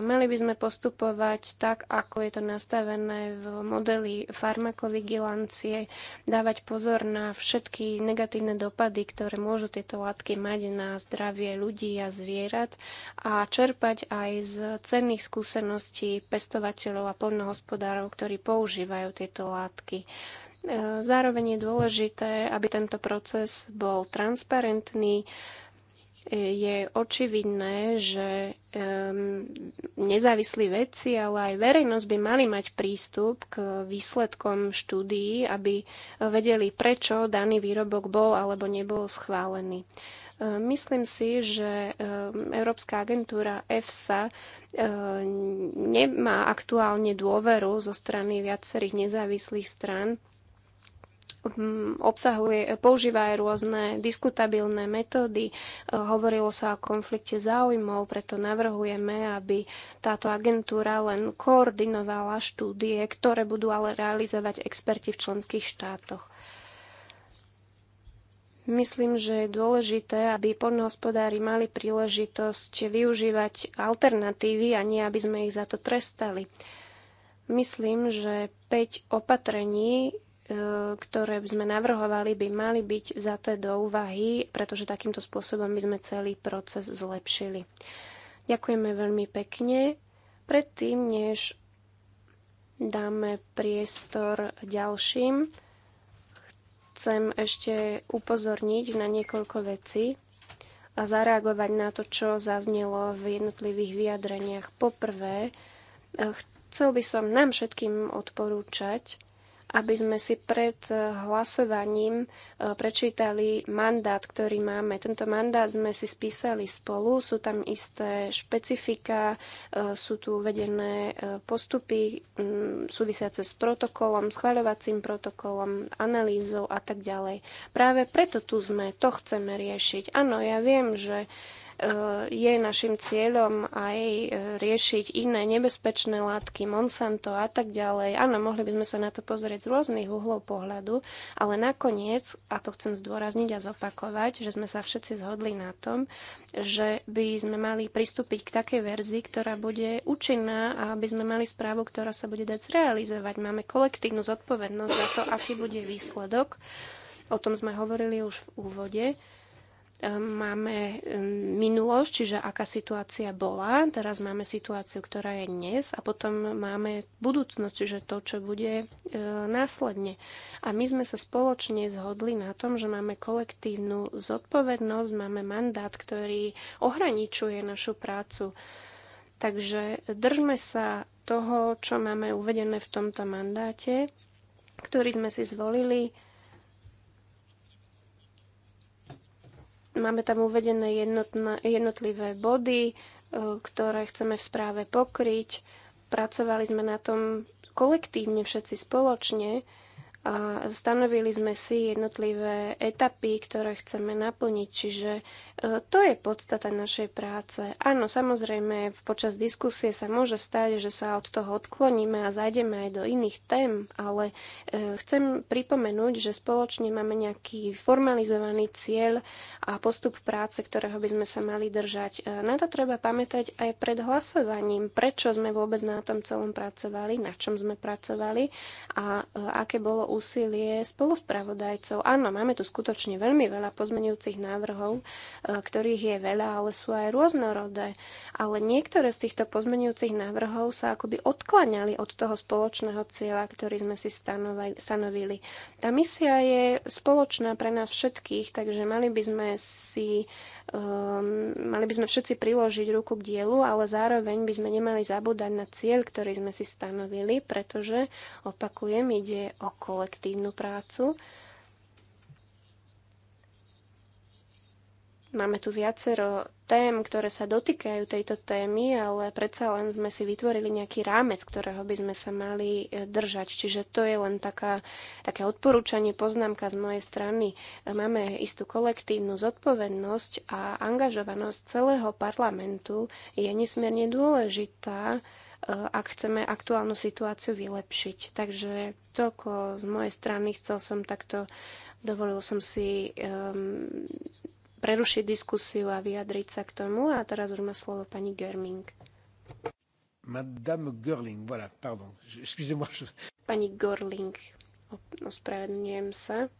mali by sme postupovať tak, ako je to nastavené v modeli farmakovigilancie, dávať pozor na všetky negatívne dopady, ktoré môžu tieto látky mať na zdravie ľudí a zvierat a čerpať aj z cenných skúseností pestovateľov a poľnohospodárov, ktorí používajú tieto látky. E, zároveň je dôležité, aby tento proces bol transparentný. E, je očividné, že nezávislí vedci, ale aj verejnosť by mali mať prístup k výsledkom štúdií, aby vedeli, prečo daný výrobok bol alebo nebol schválený. E, myslím si, že Európska agentúra EFSA nemá aktuálne dôveru zo strany viacerých nezávislých strán Mm, obsahuje, používa aj rôzne diskutabilné metódy. E, hovorilo sa o konflikte záujmov, preto navrhujeme, aby táto agentúra len koordinovala štúdie, ktoré budú ale realizovať experti v členských štátoch. Myslím, že je dôležité, aby poľnohospodári mali príležitosť využívať alternatívy a nie, aby sme ich za to trestali. Myslím, že 5 opatrení E, ktoré by sme navrhovali, by mali byť vzaté do úvahy, pretože takýmto spôsobom by sme celý proces zlepšili. Ďakujeme veľmi pekne. Predtým, než dáme priestor ďalším, chcem ešte upozorniť na niekoľko vecí a zareagovať na to, čo zaznelo v jednotlivých vyjadreniach. Poprvé, e, chcel by som nám všetkým odporúčať, aby sme si pred eh, hlasovaním eh, prečítali mandát, ktorý máme. Tento mandát sme si spísali spolu, sú tam isté špecifika, eh, sú tu uvedené postupy mm, súvisiace s protokolom, schváľovacím protokolom, analýzou a tak ďalej. Práve preto tu sme, to chceme riešiť. Áno, ja viem, že Eh, je našim cieľom aj eh, riešiť iné nebezpečné látky, Monsanto a tak ďalej. Áno, mohli by sme sa na to pozrieť z rôznych uhlov pohľadu, ale nakoniec, a to chcem zdôrazniť a zopakovať, že sme sa všetci zhodli na tom, že by sme mali pristúpiť k takej verzii, ktorá bude účinná a aby sme mali správu, ktorá sa bude dať zrealizovať. Máme kolektívnu zodpovednosť za to, aký bude výsledok. O tom sme hovorili už v úvode máme minulosť, čiže aká situácia bola, teraz máme situáciu, ktorá je dnes a potom máme budúcnosť, čiže to, čo bude e, následne. A my sme sa spoločne zhodli na tom, že máme kolektívnu zodpovednosť, máme mandát, ktorý ohraničuje našu prácu. Takže držme sa toho, čo máme uvedené v tomto mandáte, ktorý sme si zvolili Máme tam uvedené jednotno, jednotlivé body, e, ktoré chceme v správe pokryť. Pracovali sme na tom kolektívne všetci spoločne a stanovili sme si jednotlivé etapy, ktoré chceme naplniť, čiže e, to je podstata našej práce. Áno, samozrejme, počas diskusie sa môže stať, že sa od toho odkloníme a zajdeme aj do iných tém, ale e, chcem pripomenúť, že spoločne máme nejaký formalizovaný cieľ a postup práce, ktorého by sme sa mali držať. E, na to treba pamätať aj pred hlasovaním, prečo sme vôbec na tom celom pracovali, na čom sme pracovali a aké bolo úsilie spoluspravodajcov. Áno, máme tu skutočne veľmi veľa pozmenujúcich návrhov, e, ktorých je veľa, ale sú aj rôznorodé. Ale niektoré z týchto pozmenujúcich návrhov sa akoby odklaňali od toho spoločného cieľa, ktorý sme si stanovili. Tá misia je spoločná pre nás všetkých, takže mali by sme si Um, mali by sme všetci priložiť ruku k dielu, ale zároveň by sme nemali zabúdať na cieľ, ktorý sme si stanovili, pretože, opakujem, ide o kolektívnu prácu Máme tu viacero tém, ktoré sa dotýkajú tejto témy, ale predsa len sme si vytvorili nejaký rámec, ktorého by sme sa mali e, držať. Čiže to je len taká, také odporúčanie, poznámka z mojej strany. E, máme istú kolektívnu zodpovednosť a angažovanosť celého parlamentu je nesmierne dôležitá, e, ak chceme aktuálnu situáciu vylepšiť. Takže toľko z mojej strany chcel som takto, dovolil som si um, prerušiť diskusiu a vyjadriť sa k tomu. A teraz už má slovo pani Görling. Madame Görling, voilà, pardon. Excusez-moi. Je... Pani Görling, ospravedlňujem sa.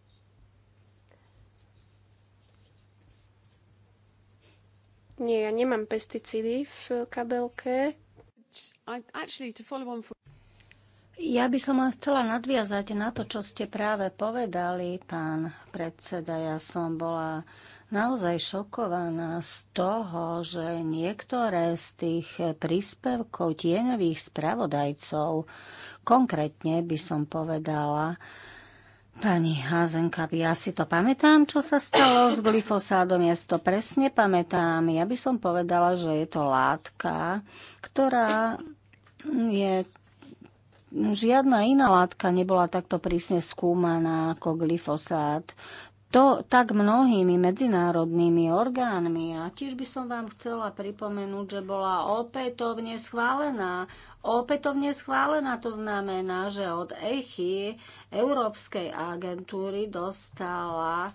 Nie, ja nemám pesticídy v kabelke. Ja by som chcela nadviazať na to, čo ste práve povedali, pán predseda. Ja som bola naozaj šokovaná z toho, že niektoré z tých príspevkov tieňových spravodajcov, konkrétne by som povedala, Pani Házenka, ja si to pamätám, čo sa stalo s glyfosádom, ja si to presne pamätám. Ja by som povedala, že je to látka, ktorá je žiadna iná látka nebola takto prísne skúmaná ako glyfosát to tak mnohými medzinárodnými orgánmi. A tiež by som vám chcela pripomenúť, že bola opätovne schválená. Opätovne schválená to znamená, že od ECHY, Európskej agentúry, dostala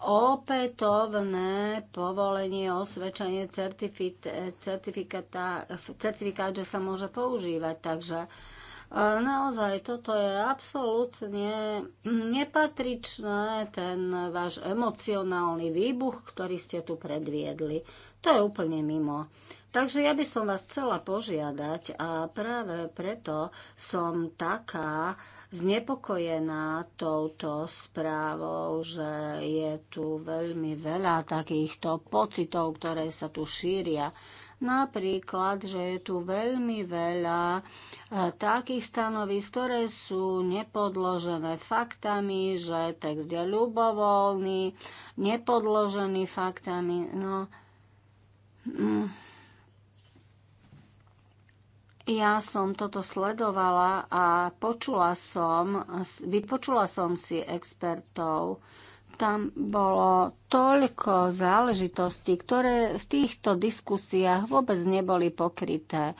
opätovné povolenie, osvedčenie, certifikát, certifikát, že sa môže používať. Takže Naozaj toto je absolútne nepatričné, ten váš emocionálny výbuch, ktorý ste tu predviedli. To je úplne mimo. Takže ja by som vás chcela požiadať a práve preto som taká znepokojená touto správou, že je tu veľmi veľa takýchto pocitov, ktoré sa tu šíria Napríklad, že je tu veľmi veľa e, takých stanovisk, ktoré sú nepodložené faktami, že text je ľubovoľný, nepodložený faktami. No, mm. ja som toto sledovala a počula som, vypočula som si expertov, tam bolo toľko záležitostí, ktoré v týchto diskusiách vôbec neboli pokryté.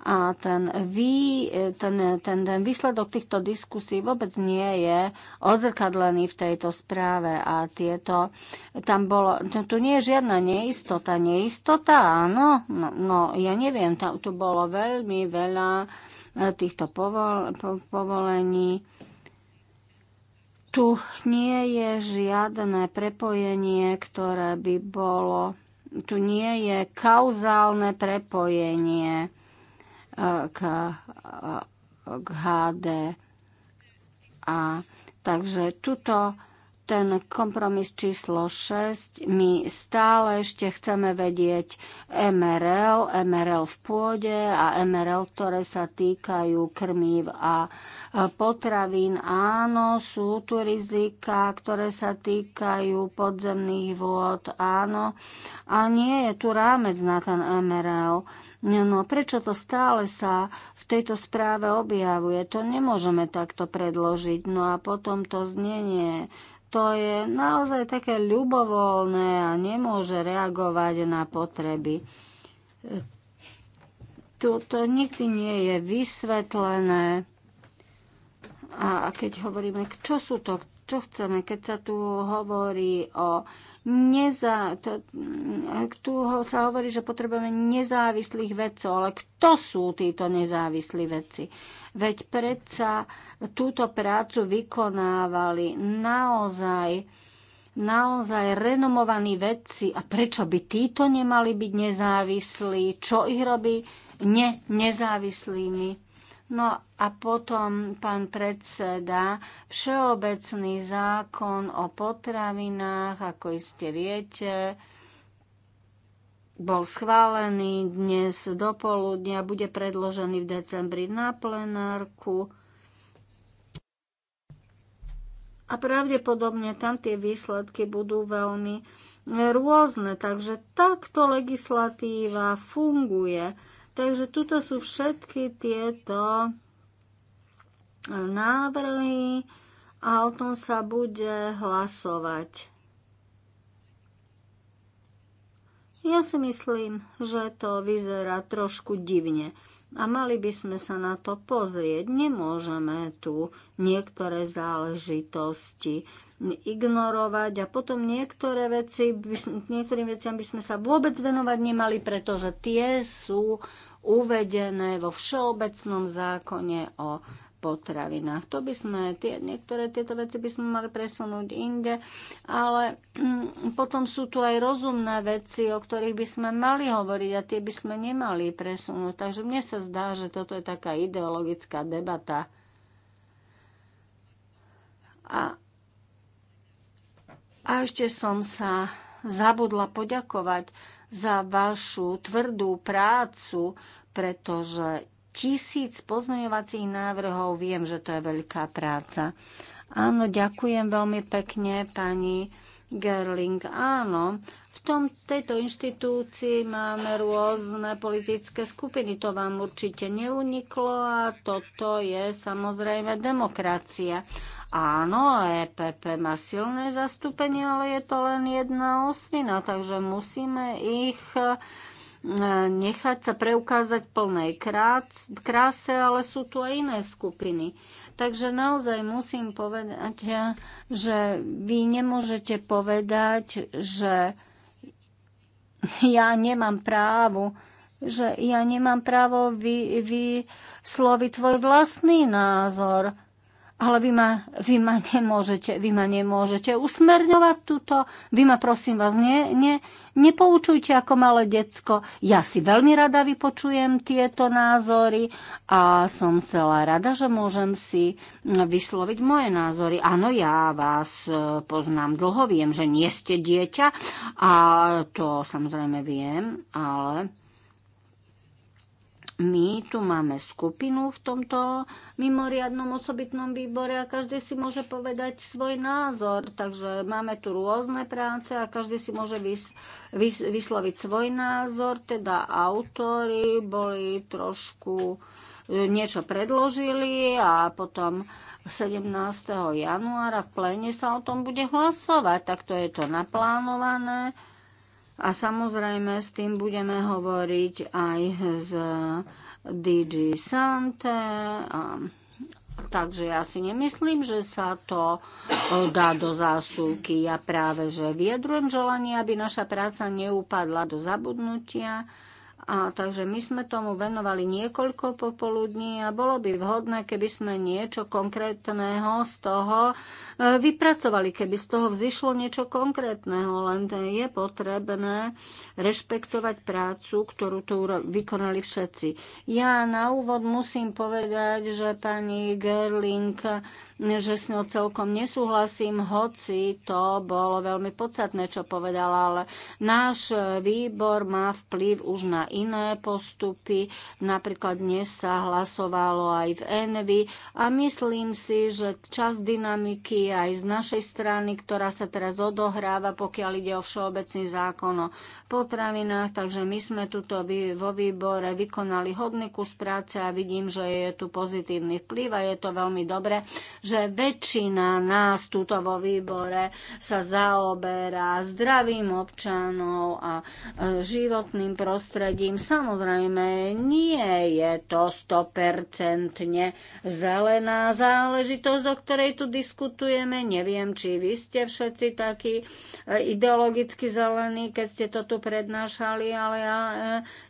A ten, vý, ten, ten, ten výsledok týchto diskusí vôbec nie je odzrkadlený v tejto správe. A tieto, tam bolo, tu nie je žiadna neistota. Neistota, áno, no, no ja neviem, tam, tu bolo veľmi veľa eh, týchto povol, po, povolení tu nie je žiadne prepojenie, ktoré by bolo, tu nie je kauzálne prepojenie eh, k, eh, k HD. A takže tuto ten kompromis číslo 6, my stále ešte chceme vedieť MRL, MRL v pôde a MRL, ktoré sa týkajú krmív a potravín. Áno, sú tu rizika, ktoré sa týkajú podzemných vôd, áno. A nie je tu rámec na ten MRL. No prečo to stále sa v tejto správe objavuje? To nemôžeme takto predložiť. No a potom to znenie to je naozaj také ľubovoľné a nemôže reagovať na potreby. To nikdy nie je vysvetlené. A keď hovoríme, čo sú to čo chceme, keď sa tu hovorí o nezá... To, tu sa hovorí, že potrebujeme nezávislých vedcov, ale kto sú títo nezávislí vedci? Veď predsa túto prácu vykonávali naozaj naozaj renomovaní vedci a prečo by títo nemali byť nezávislí? Čo ich robí ne, nezávislými? No a potom, pán predseda, všeobecný zákon o potravinách, ako iste viete, bol schválený dnes do poludnia, bude predložený v decembri na plenárku. A pravdepodobne tam tie výsledky budú veľmi rôzne. Takže takto legislatíva funguje Takže tuto sú všetky tieto návrhy a o tom sa bude hlasovať. Ja si myslím, že to vyzerá trošku divne a mali by sme sa na to pozrieť. Nemôžeme tu niektoré záležitosti ignorovať a potom niektoré veci, niektorým veciam by sme sa vôbec venovať nemali, pretože tie sú uvedené vo všeobecnom zákone o potravinách. To by sme, tie, niektoré tieto veci by sme mali presunúť inde, ale [CLEARS THROAT] potom sú tu aj rozumné veci, o ktorých by sme mali hovoriť a tie by sme nemali presunúť. Takže mne sa zdá, že toto je taká ideologická debata. A, a ešte som sa zabudla poďakovať za vašu tvrdú prácu, pretože tisíc pozmeňovacích návrhov. Viem, že to je veľká práca. Áno, ďakujem veľmi pekne, pani Gerling. Áno, v tom, tejto inštitúcii máme rôzne politické skupiny. To vám určite neuniklo a toto je samozrejme demokracia. Áno, EPP má silné zastúpenie, ale je to len jedna osmina, takže musíme ich nechať sa preukázať plnej kráse, ale sú tu aj iné skupiny. Takže naozaj musím povedať, že vy nemôžete povedať, že ja nemám právo, že ja nemám právo vy, sloviť svoj vlastný názor ale vy ma, vy ma, nemôžete, vy ma nemôžete usmerňovať túto. Vy ma prosím vás, ne, ne, nepoučujte ako malé decko. Ja si veľmi rada vypočujem tieto názory a som celá rada, že môžem si mm, vysloviť moje názory. Áno, ja vás e, poznám dlho, viem, že nie ste dieťa a to samozrejme viem, ale my tu máme skupinu v tomto mimoriadnom osobitnom výbore a každý si môže povedať svoj názor. Takže máme tu rôzne práce a každý si môže vys- vys- vysloviť svoj názor. Teda autory boli trošku e, niečo predložili a potom 17. januára v pléne sa o tom bude hlasovať. Takto je to naplánované a samozrejme s tým budeme hovoriť aj z DG Sante. Takže ja si nemyslím, že sa to dá do zásuvky. Ja práve, že vyjadrujem želanie, aby naša práca neupadla do zabudnutia a takže my sme tomu venovali niekoľko popoludní a bolo by vhodné, keby sme niečo konkrétneho z toho e, vypracovali, keby z toho vzýšlo niečo konkrétneho, len je potrebné rešpektovať prácu, ktorú tu vykonali všetci. Ja na úvod musím povedať, že pani Gerling, že s ňou celkom nesúhlasím, hoci to bolo veľmi podstatné, čo povedala, ale náš výbor má vplyv už na iné postupy. Napríklad dnes sa hlasovalo aj v Envy a myslím si, že čas dynamiky aj z našej strany, ktorá sa teraz odohráva, pokiaľ ide o všeobecný zákon o potravinách, takže my sme tuto vo výbore vykonali hodný kus práce a vidím, že je tu pozitívny vplyv a je to veľmi dobré, že väčšina nás tuto vo výbore sa zaoberá zdravým občanom občanov a e, životným prostredím tvrdím, Samozrejme, nie je to 100% zelená záležitosť, o ktorej tu diskutujeme. Neviem, či vy ste všetci takí e, ideologicky zelení, keď ste to tu prednášali, ale ja e,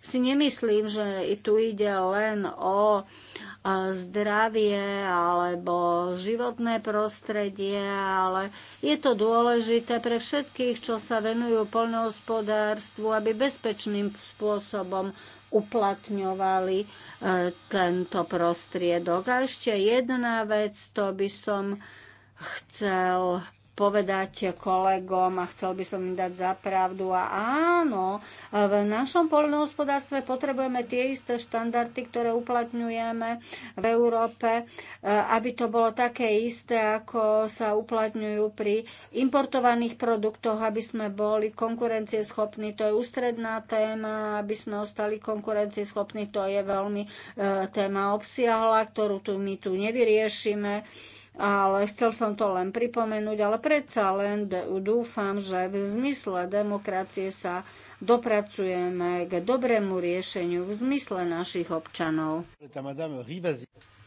si nemyslím, že tu ide len o zdravie alebo životné prostredie, ale je to dôležité pre všetkých, čo sa venujú poľnohospodárstvu, aby bezpečným spôsobom uplatňovali e, tento prostriedok. A ešte jedna vec, to by som chcel povedať kolegom a chcel by som im dať za pravdu. A áno, v našom poľnohospodárstve potrebujeme tie isté štandardy, ktoré uplatňujeme v Európe, e, aby to bolo také isté, ako sa uplatňujú pri importovaných produktoch, aby sme boli konkurencieschopní. To je ústredná téma, aby sme ostali konkurencieschopní. To je veľmi e, téma obsiahla, ktorú tu my tu nevyriešime ale chcel som to len pripomenúť, ale predsa len dúfam, že v zmysle demokracie sa dopracujeme k dobrému riešeniu v zmysle našich občanov.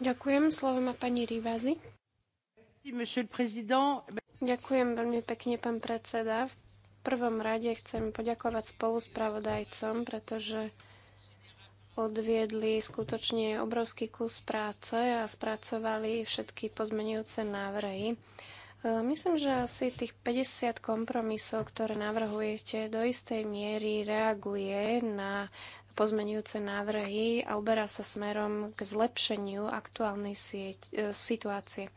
Ďakujem, slovo má pani Rivazi. Ďakujem veľmi pekne, pán predseda. V prvom rade chcem poďakovať spoluspravodajcom, pretože odviedli skutočne obrovský kus práce a spracovali všetky pozmenujúce návrhy. E, myslím, že asi tých 50 kompromisov, ktoré navrhujete, do istej miery reaguje na pozmenujúce návrhy a uberá sa smerom k zlepšeniu aktuálnej e, situácie.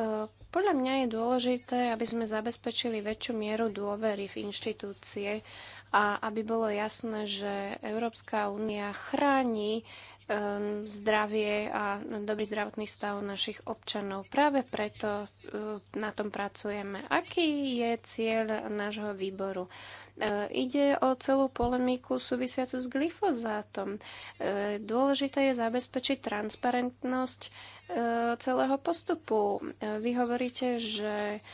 E, podľa mňa je dôležité, aby sme zabezpečili väčšiu mieru dôvery v inštitúcie a aby bolo jasné, že Európska únia chráni ehm, zdravie a dobrý zdravotný stav našich občanov. Práve preto eh, na tom pracujeme. Aký je cieľ nášho výboru? E, ide o celú polemiku súvisiacu s glyfozátom. E, dôležité je zabezpečiť transparentnosť e, celého postupu. Vy hovoríte, že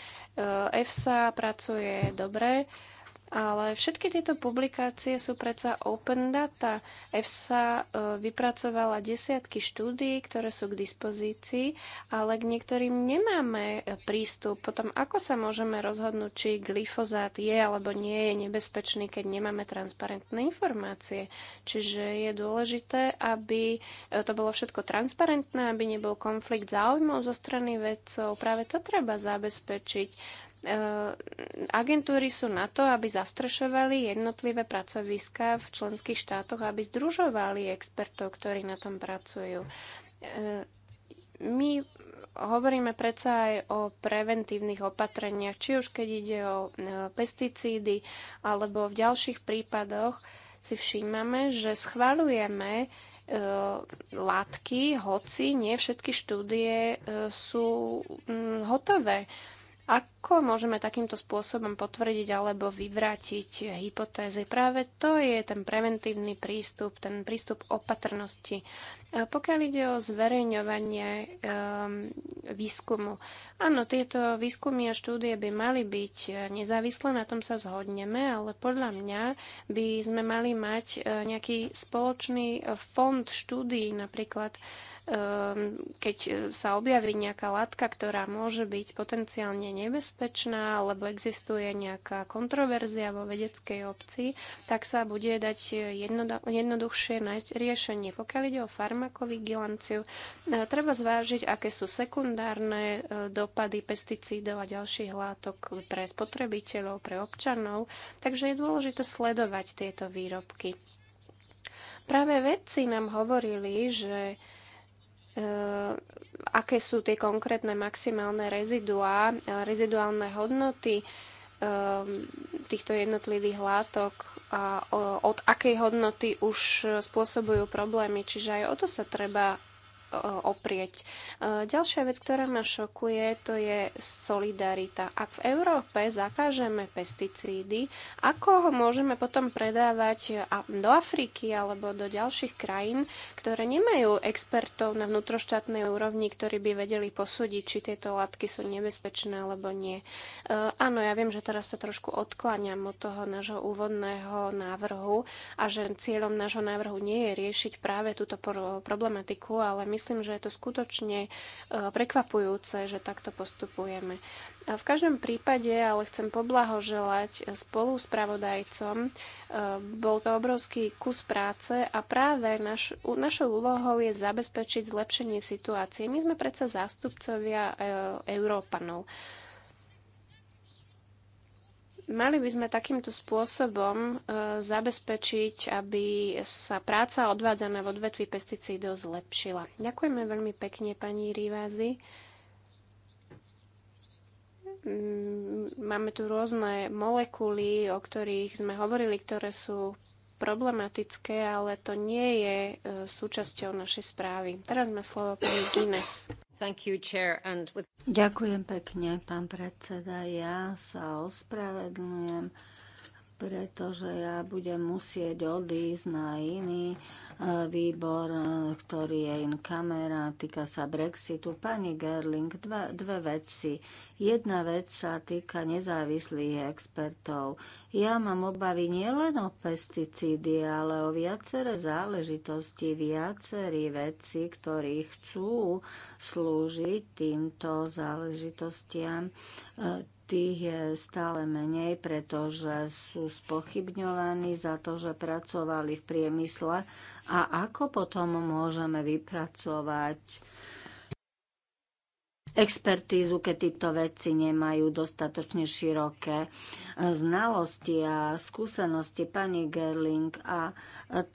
EFSA pracuje dobre, ale všetky tieto publikácie sú predsa open data. EFSA e, vypracovala desiatky štúdií, ktoré sú k dispozícii, ale k niektorým nemáme e, prístup. Potom ako sa môžeme rozhodnúť, či glyfozát je alebo nie je nebezpečný, keď nemáme transparentné informácie. Čiže je dôležité, aby e, to bolo všetko transparentné, aby nebol konflikt záujmov zo strany vedcov. Práve to treba zabezpečiť Ehm, agentúry sú na to, aby zastrešovali jednotlivé pracoviska v členských štátoch, aby združovali expertov, ktorí na tom pracujú. Ehm, my hovoríme predsa aj o preventívnych opatreniach, či už keď ide o e, pesticídy alebo v ďalších prípadoch si všímame, že schvaľujeme e, látky, hoci nie všetky štúdie e, sú hotové. Ako môžeme takýmto spôsobom potvrdiť alebo vyvrátiť hypotézy? Práve to je ten preventívny prístup, ten prístup opatrnosti. Pokiaľ ide o zverejňovanie um, výskumu, áno, tieto výskumy a štúdie by mali byť nezávislé, na tom sa zhodneme, ale podľa mňa by sme mali mať e, nejaký spoločný fond štúdií napríklad Ehm, keď e, sa objaví nejaká látka, ktorá môže byť potenciálne nebezpečná, alebo existuje nejaká kontroverzia vo vedeckej obci, tak sa bude dať e, jednoduchšie nájsť riešenie. Pokiaľ ide o farmakovigilanciu, e, treba zvážiť, aké sú sekundárne dopady pesticídov a ďalších látok pre spotrebiteľov, pre občanov, takže je dôležité sledovať tieto výrobky. Práve vedci nám hovorili, že Eh, aké sú tie konkrétne maximálne reziduá, eh, reziduálne hodnoty eh, týchto jednotlivých látok a od akej hodnoty už spôsobujú problémy. Čiže aj o to sa treba Eh, oprieť. Eh, ďalšia vec, ktorá ma šokuje, to je solidarita. Ak v Európe zakážeme pesticídy, ako ho môžeme potom predávať eh, do Afriky alebo do ďalších krajín, ktoré nemajú expertov na vnútroštátnej úrovni, ktorí by vedeli posúdiť, či tieto látky sú nebezpečné alebo nie. Áno, ja viem, že teraz sa trošku odkláňam od toho nášho úvodného návrhu a že cieľom nášho návrhu nie je riešiť práve túto problematiku, ale my myslím, že je to skutočne e, prekvapujúce, že takto postupujeme. A v každom prípade ale chcem poblahoželať e, spolu s pravodajcom. E, bol to obrovský kus práce a práve naš, našou úlohou je zabezpečiť zlepšenie situácie. My sme predsa zástupcovia Európanov. Mali by sme takýmto spôsobom e, zabezpečiť, aby sa práca odvádzaná v odvetví pesticídov zlepšila. Ďakujeme veľmi pekne, pani Rivázy. Mm, máme tu rôzne molekuly, o ktorých sme hovorili, ktoré sú problematické, ale to nie je e, súčasťou našej správy. Teraz má slovo pani Guinness. Ďakujem pekne, pán predseda. Ja sa ospravedlňujem pretože ja budem musieť odísť na iný e, výbor, e, ktorý je in kamera, týka sa Brexitu. Pani Gerling, dve, dve veci. Jedna vec sa týka nezávislých expertov. Ja mám obavy nielen o pesticídy, ale o viaceré záležitosti, viacerí veci, ktorí chcú slúžiť týmto záležitostiam e, tých je stále menej, pretože sú spochybňovaní za to, že pracovali v priemysle. A ako potom môžeme vypracovať expertízu, keď títo vedci nemajú dostatočne široké e, znalosti a skúsenosti pani Gerling a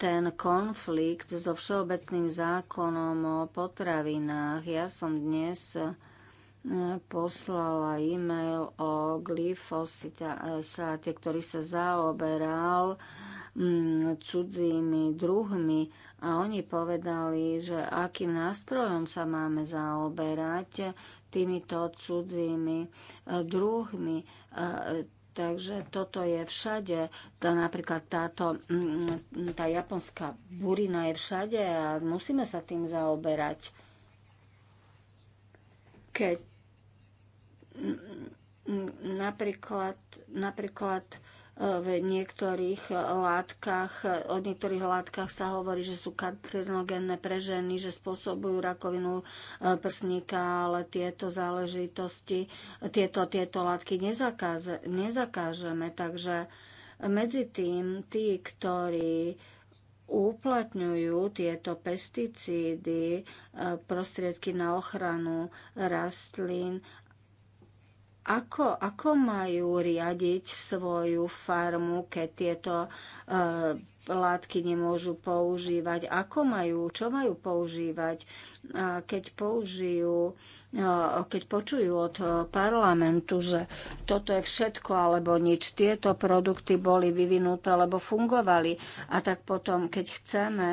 ten konflikt so všeobecným zákonom o potravinách. Ja som dnes poslala e-mail o glyfosáte, ktorý sa zaoberal mm, cudzími druhmi a oni povedali, že akým nástrojom sa máme zaoberať týmito cudzími e, druhmi. E, takže toto je všade. Tá, napríklad táto, mm, tá japonská burina je všade a musíme sa tým zaoberať. Keď napríklad, napríklad eh, v niektorých látkach, eh, o niektorých látkach sa hovorí, že sú karcinogénne pre ženy, že spôsobujú rakovinu eh, prsníka, ale tieto záležitosti, tieto, tieto látky nezakáže, nezakážeme. Takže medzi tým, tí, ktorí uplatňujú tieto pesticídy, prostriedky na ochranu rastlín ako, ako majú riadiť svoju farmu, keď tieto e, látky nemôžu používať, ako majú, čo majú používať. keď použijú, keď počujú od parlamentu, že toto je všetko alebo nič, tieto produkty boli vyvinuté alebo fungovali a tak potom, keď chceme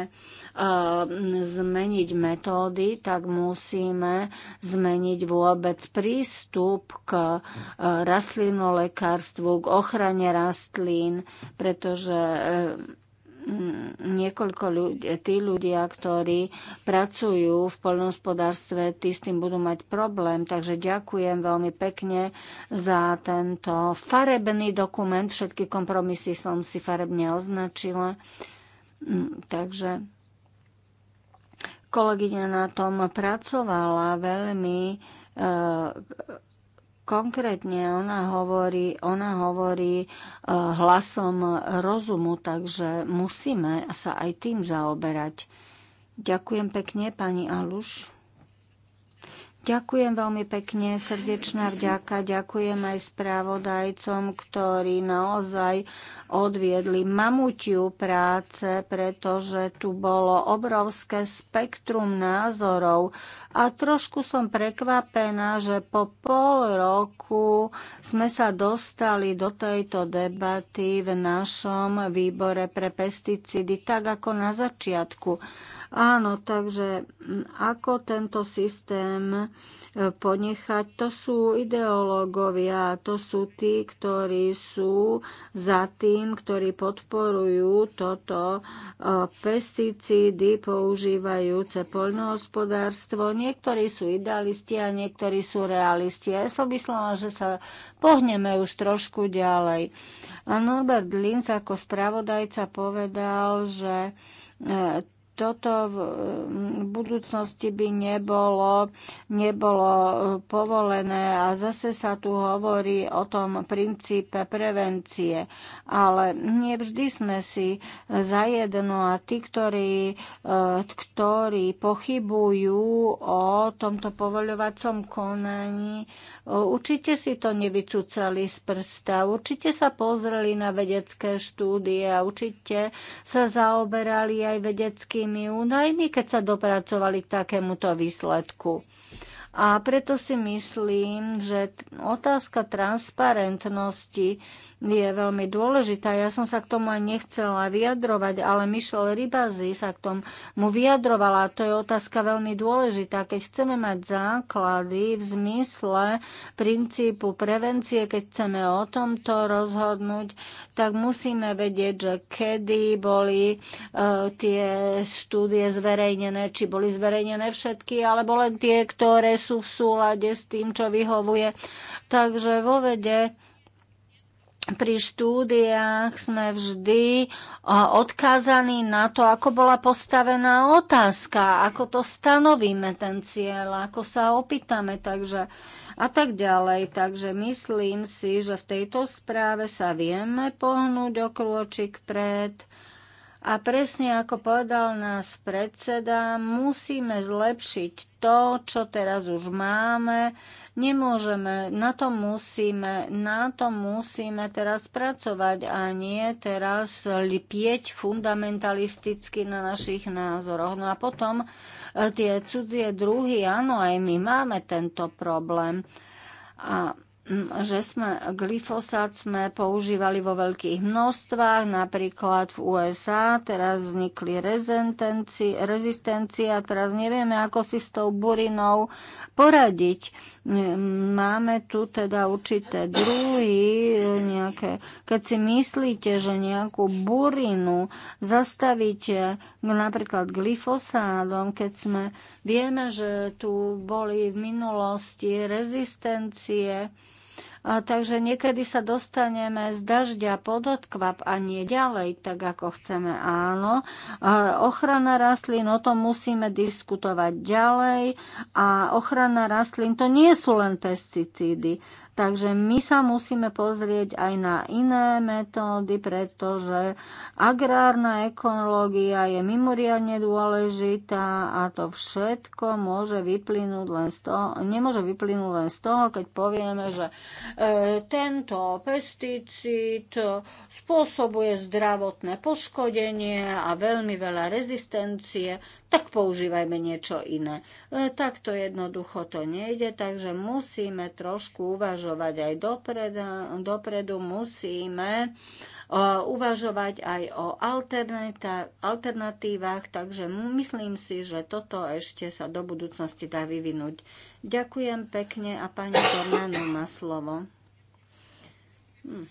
zmeniť metódy, tak musíme zmeniť vôbec prístup k rastlinolekárstvu, k ochrane rastlín, pretože e, Mm, niekoľko ľudí, tí ľudia, ktorí pracujú v poľnohospodárstve, tí s tým budú mať problém. Takže ďakujem veľmi pekne za tento farebný dokument. Všetky kompromisy som si farebne označila. Mm, takže kolegyňa na tom pracovala veľmi eh, konkrétne ona hovorí, ona hovorí e, hlasom rozumu, takže musíme sa aj tým zaoberať. Ďakujem pekne, pani Aluš. Ďakujem veľmi pekne, srdečná vďaka. Ďakujem aj správodajcom, ktorí naozaj odviedli mamutiu práce, pretože tu bolo obrovské spektrum názorov. A trošku som prekvapená, že po pol roku sme sa dostali do tejto debaty v našom výbore pre pesticídy, tak ako na začiatku. Áno, takže ako tento systém e, ponechať, to sú ideológovia, to sú tí, ktorí sú za tým, ktorí podporujú toto e, pesticídy používajúce poľnohospodárstvo. Niektorí sú idealisti a niektorí sú realisti. Ja som myslela, že sa pohneme už trošku ďalej. A Norbert Linz ako spravodajca povedal, že e, toto mm, v budúcnosti by nebolo, nebolo e, povolené a zase sa tu hovorí o tom princípe prevencie. Ale nevždy sme si zajedno a tí, ktorí, e, ktorí pochybujú o tomto povoľovacom konaní, e, určite si to nevycúcali z prsta, určite sa pozreli na vedecké štúdie a určite sa zaoberali aj vedeckým tými údajmi, keď sa dopracovali k takémuto výsledku. A preto si myslím, že otázka transparentnosti je veľmi dôležitá. Ja som sa k tomu aj nechcela vyjadrovať, ale Michel Ribazi sa k tomu vyjadrovala. To je otázka veľmi dôležitá. Keď chceme mať základy v zmysle princípu prevencie, keď chceme o tomto rozhodnúť, tak musíme vedieť, že kedy boli e, tie štúdie zverejnené, či boli zverejnené všetky, alebo len tie, ktoré sú v súlade s tým, čo vyhovuje. Takže vo vede pri štúdiách sme vždy eh, odkázaní na to, ako bola postavená otázka, ako to stanovíme ten cieľ, ako sa opýtame, takže a tak ďalej. Takže myslím si, že v tejto správe sa vieme pohnúť o krôčik pred a presne ako povedal nás predseda, musíme zlepšiť to, čo teraz už máme. Nemôžeme, na to musíme, na to musíme teraz pracovať a nie teraz lipieť fundamentalisticky na našich názoroch. No a potom e, tie cudzie druhy, áno, aj my máme tento problém. A že sme, glyfosát sme používali vo veľkých množstvách, napríklad v USA, teraz vznikli rezistencie a teraz nevieme, ako si s tou burinou poradiť. Máme tu teda určité druhy, e, nejaké, keď si myslíte, že nejakú burinu zastavíte napríklad glyfosádom, keď sme, vieme, že tu boli v minulosti rezistencie, takže niekedy sa dostaneme z dažďa pod odkvap a nie ďalej, tak ako chceme. Áno, ochrana rastlín, o tom musíme diskutovať ďalej a ochrana rastlín to nie sú len pesticídy. Takže my sa musíme pozrieť aj na iné metódy, pretože agrárna ekológia je mimoriadne dôležitá a to všetko môže vyplynúť len z toho, nemôže vyplynúť len z toho, keď povieme, že e, tento pesticíd spôsobuje zdravotné poškodenie a veľmi veľa rezistencie, tak používajme niečo iné. E, takto jednoducho to nejde, takže musíme trošku uvažovať uvažovať aj dopredu, dopredu musíme uvažovať aj o alternatívach, takže myslím si, že toto ešte sa do budúcnosti dá vyvinúť. Ďakujem pekne a pani Tornanu má slovo. Hm.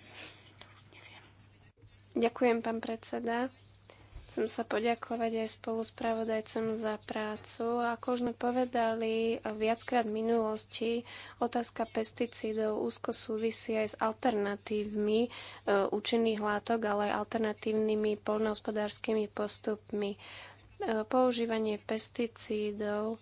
Ďakujem, pán predseda. Chcem sa poďakovať aj spoluspravodajcom za prácu. Ako už sme povedali viackrát v minulosti, otázka pesticídov úzko súvisí aj s alternatívmi e, účinných látok, ale aj alternatívnymi poľnohospodárskymi postupmi. E, používanie pesticídov e,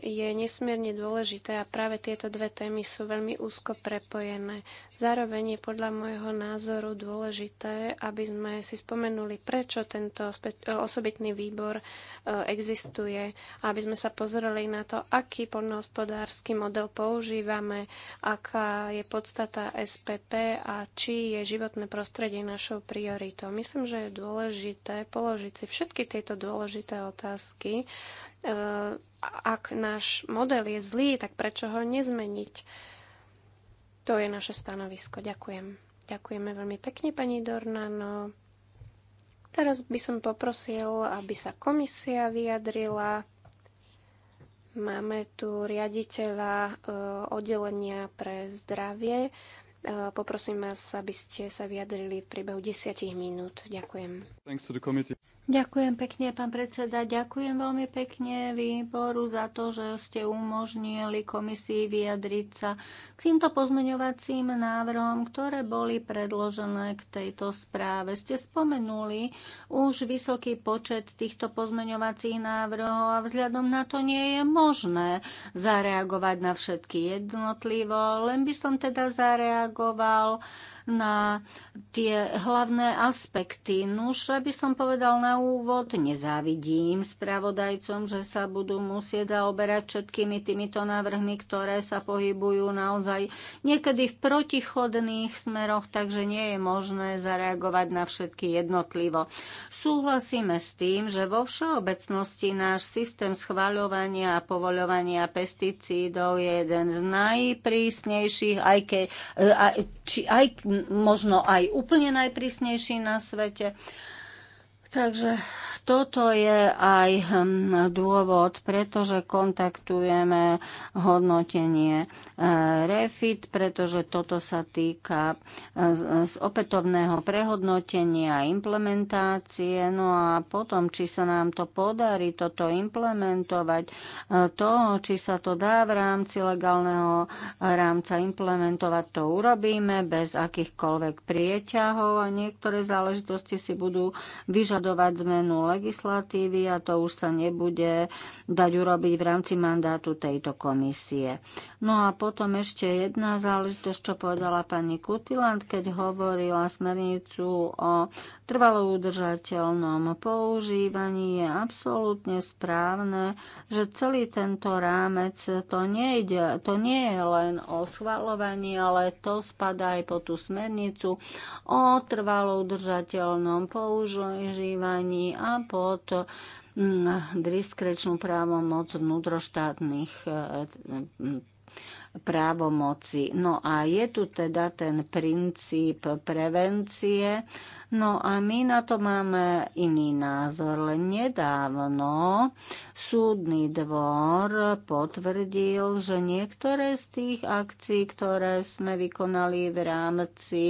je nesmierne dôležité a práve tieto dve témy sú veľmi úzko prepojené. Zároveň je podľa môjho názoru dôležité, aby sme si spomenuli, prečo tento e, osobitný výbor e, existuje, aby sme sa pozreli na to, aký poľnohospodársky model používame, aká je podstata SPP a či je životné prostredie našou prioritou. Myslím, že je dôležité položiť si všetky tieto dôležité otázky e, ak náš model je zlý, tak prečo ho nezmeniť? To je naše stanovisko. Ďakujem. Ďakujeme veľmi pekne, pani Dornano. Teraz by som poprosil, aby sa komisia vyjadrila. Máme tu riaditeľa e, oddelenia pre zdravie. E, poprosím vás, aby ste sa vyjadrili v priebehu 10 minút. Ďakujem. Ďakujem pekne, pán predseda. Ďakujem veľmi pekne výboru za to, že ste umožnili komisii vyjadriť sa k týmto pozmeňovacím návrhom, ktoré boli predložené k tejto správe. Ste spomenuli už vysoký počet týchto pozmeňovacích návrhov a vzhľadom na to nie je možné zareagovať na všetky jednotlivo. Len by som teda zareagoval na tie hlavné aspekty. Nuž, aby som povedal na úvod, nezávidím spravodajcom, že sa budú musieť zaoberať všetkými týmito návrhmi, ktoré sa pohybujú naozaj niekedy v protichodných smeroch, takže nie je možné zareagovať na všetky jednotlivo. Súhlasíme s tým, že vo všeobecnosti náš systém schvaľovania a povoľovania pesticídov je jeden z najprísnejších, aj, ke, e, aj, či, aj možno aj úplne najprísnejší na svete. Takže toto je aj hm, dôvod, pretože kontaktujeme hodnotenie e, REFIT, pretože toto sa týka e, z opätovného prehodnotenia a implementácie. No a potom, či sa nám to podarí toto implementovať, e, to, či sa to dá v rámci legálneho rámca implementovať, to urobíme bez akýchkoľvek prieťahov a niektoré záležitosti si budú vyžadovať požadovať zmenu legislatívy a to už sa nebude dať urobiť v rámci mandátu tejto komisie. No a potom ešte jedna záležitosť, čo povedala pani Kutiland, keď hovorila smernicu o trvalo udržateľnom používaní. Je absolútne správne, že celý tento rámec to, ide, to nie je len o schvalovaní, ale to spadá aj po tú smernicu o trvalo udržateľnom používaní a pod mm, diskrečnú právomoc vnútroštátnych eh, právomoci. No a je tu teda ten princíp prevencie. No a my na to máme iný názor. Len nedávno súdny dvor potvrdil, že niektoré z tých akcií, ktoré sme vykonali v rámci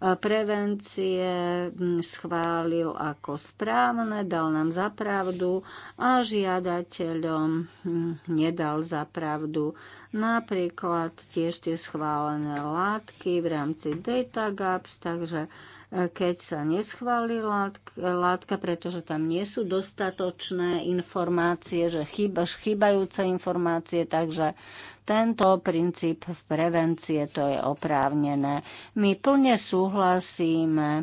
prevencie mm, schválil ako správne, dal nám zapravdu a žiadateľom mm, nedal zapravdu. Napríklad tiež tie schválené látky v rámci Data Gaps, takže keď sa neschválila látka, pretože tam nie sú dostatočné informácie, že chýba, chýbajúce informácie, takže tento princíp v prevencie to je oprávnené. My plne súhlasíme e,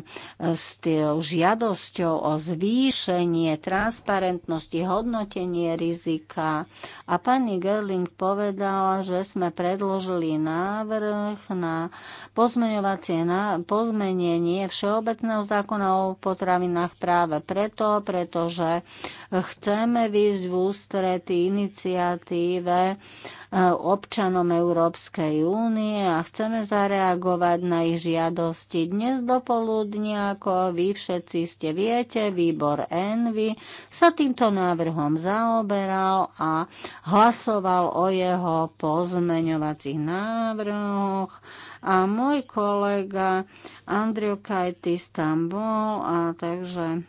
s tou žiadosťou o zvýšenie transparentnosti, hodnotenie rizika. A pani Gerling povedala, že sme predložili návrh na pozmeňovacie na pozmenenie všeobecného zákona o potravinách práve preto, pretože chceme výjsť v ústretí iniciatíve občanom Európskej únie a chceme zareagovať na ich žiadosti. Dnes do poludnia, ako vy všetci ste viete, výbor Envy sa týmto návrhom zaoberal a hlasoval o jeho pozmeňovacích návrhoch a môj kolega Andrew Kajtis tam bol a takže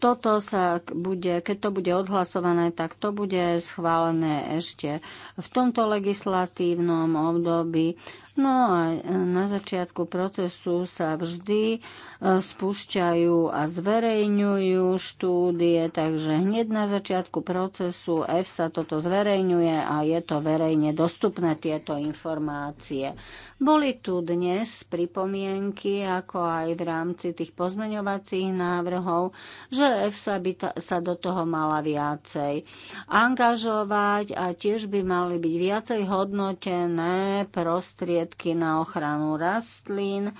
toto sa bude, keď to bude odhlasované, tak to bude schválené ešte v tomto legislatívnom období No a e, na začiatku procesu sa vždy e, spúšťajú a zverejňujú štúdie, takže hneď na začiatku procesu F sa toto zverejňuje a je to verejne dostupné tieto informácie. Boli tu dnes pripomienky, ako aj v rámci tých pozmeňovacích návrhov, že F sa by ta, sa do toho mala viacej angažovať a tiež by mali byť viacej hodnotené prostriedky prostriedky na ochranu rastlín,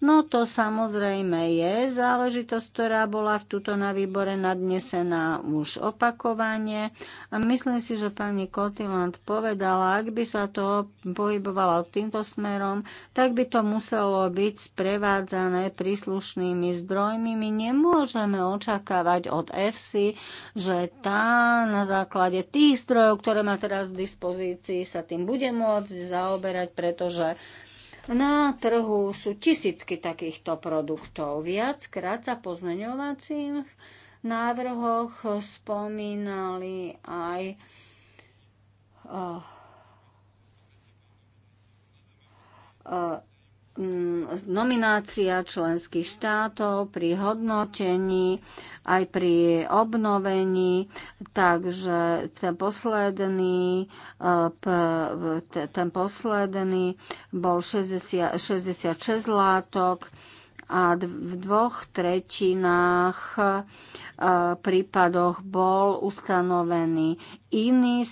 No to samozrejme je záležitosť, ktorá bola v tuto na výbore nadnesená už opakovane. A myslím si, že pani Kotiland povedala, ak by sa to pohybovalo týmto smerom, tak by to muselo byť sprevádzané príslušnými zdrojmi. My nemôžeme očakávať od FC, že tá na základe tých zdrojov, ktoré má teraz v dispozícii, sa tým bude môcť zaoberať, pretože na trhu sú tisícky takýchto produktov. Viackrát sa pozmeňovacím návrhoch spomínali aj uh, uh, Mm, nominácia členských štátov pri hodnotení, aj pri obnovení. Takže ten posledný, eh, ten posledný bol 60, 66 látok a v dvoch tretinách eh, prípadoch bol ustanovený iný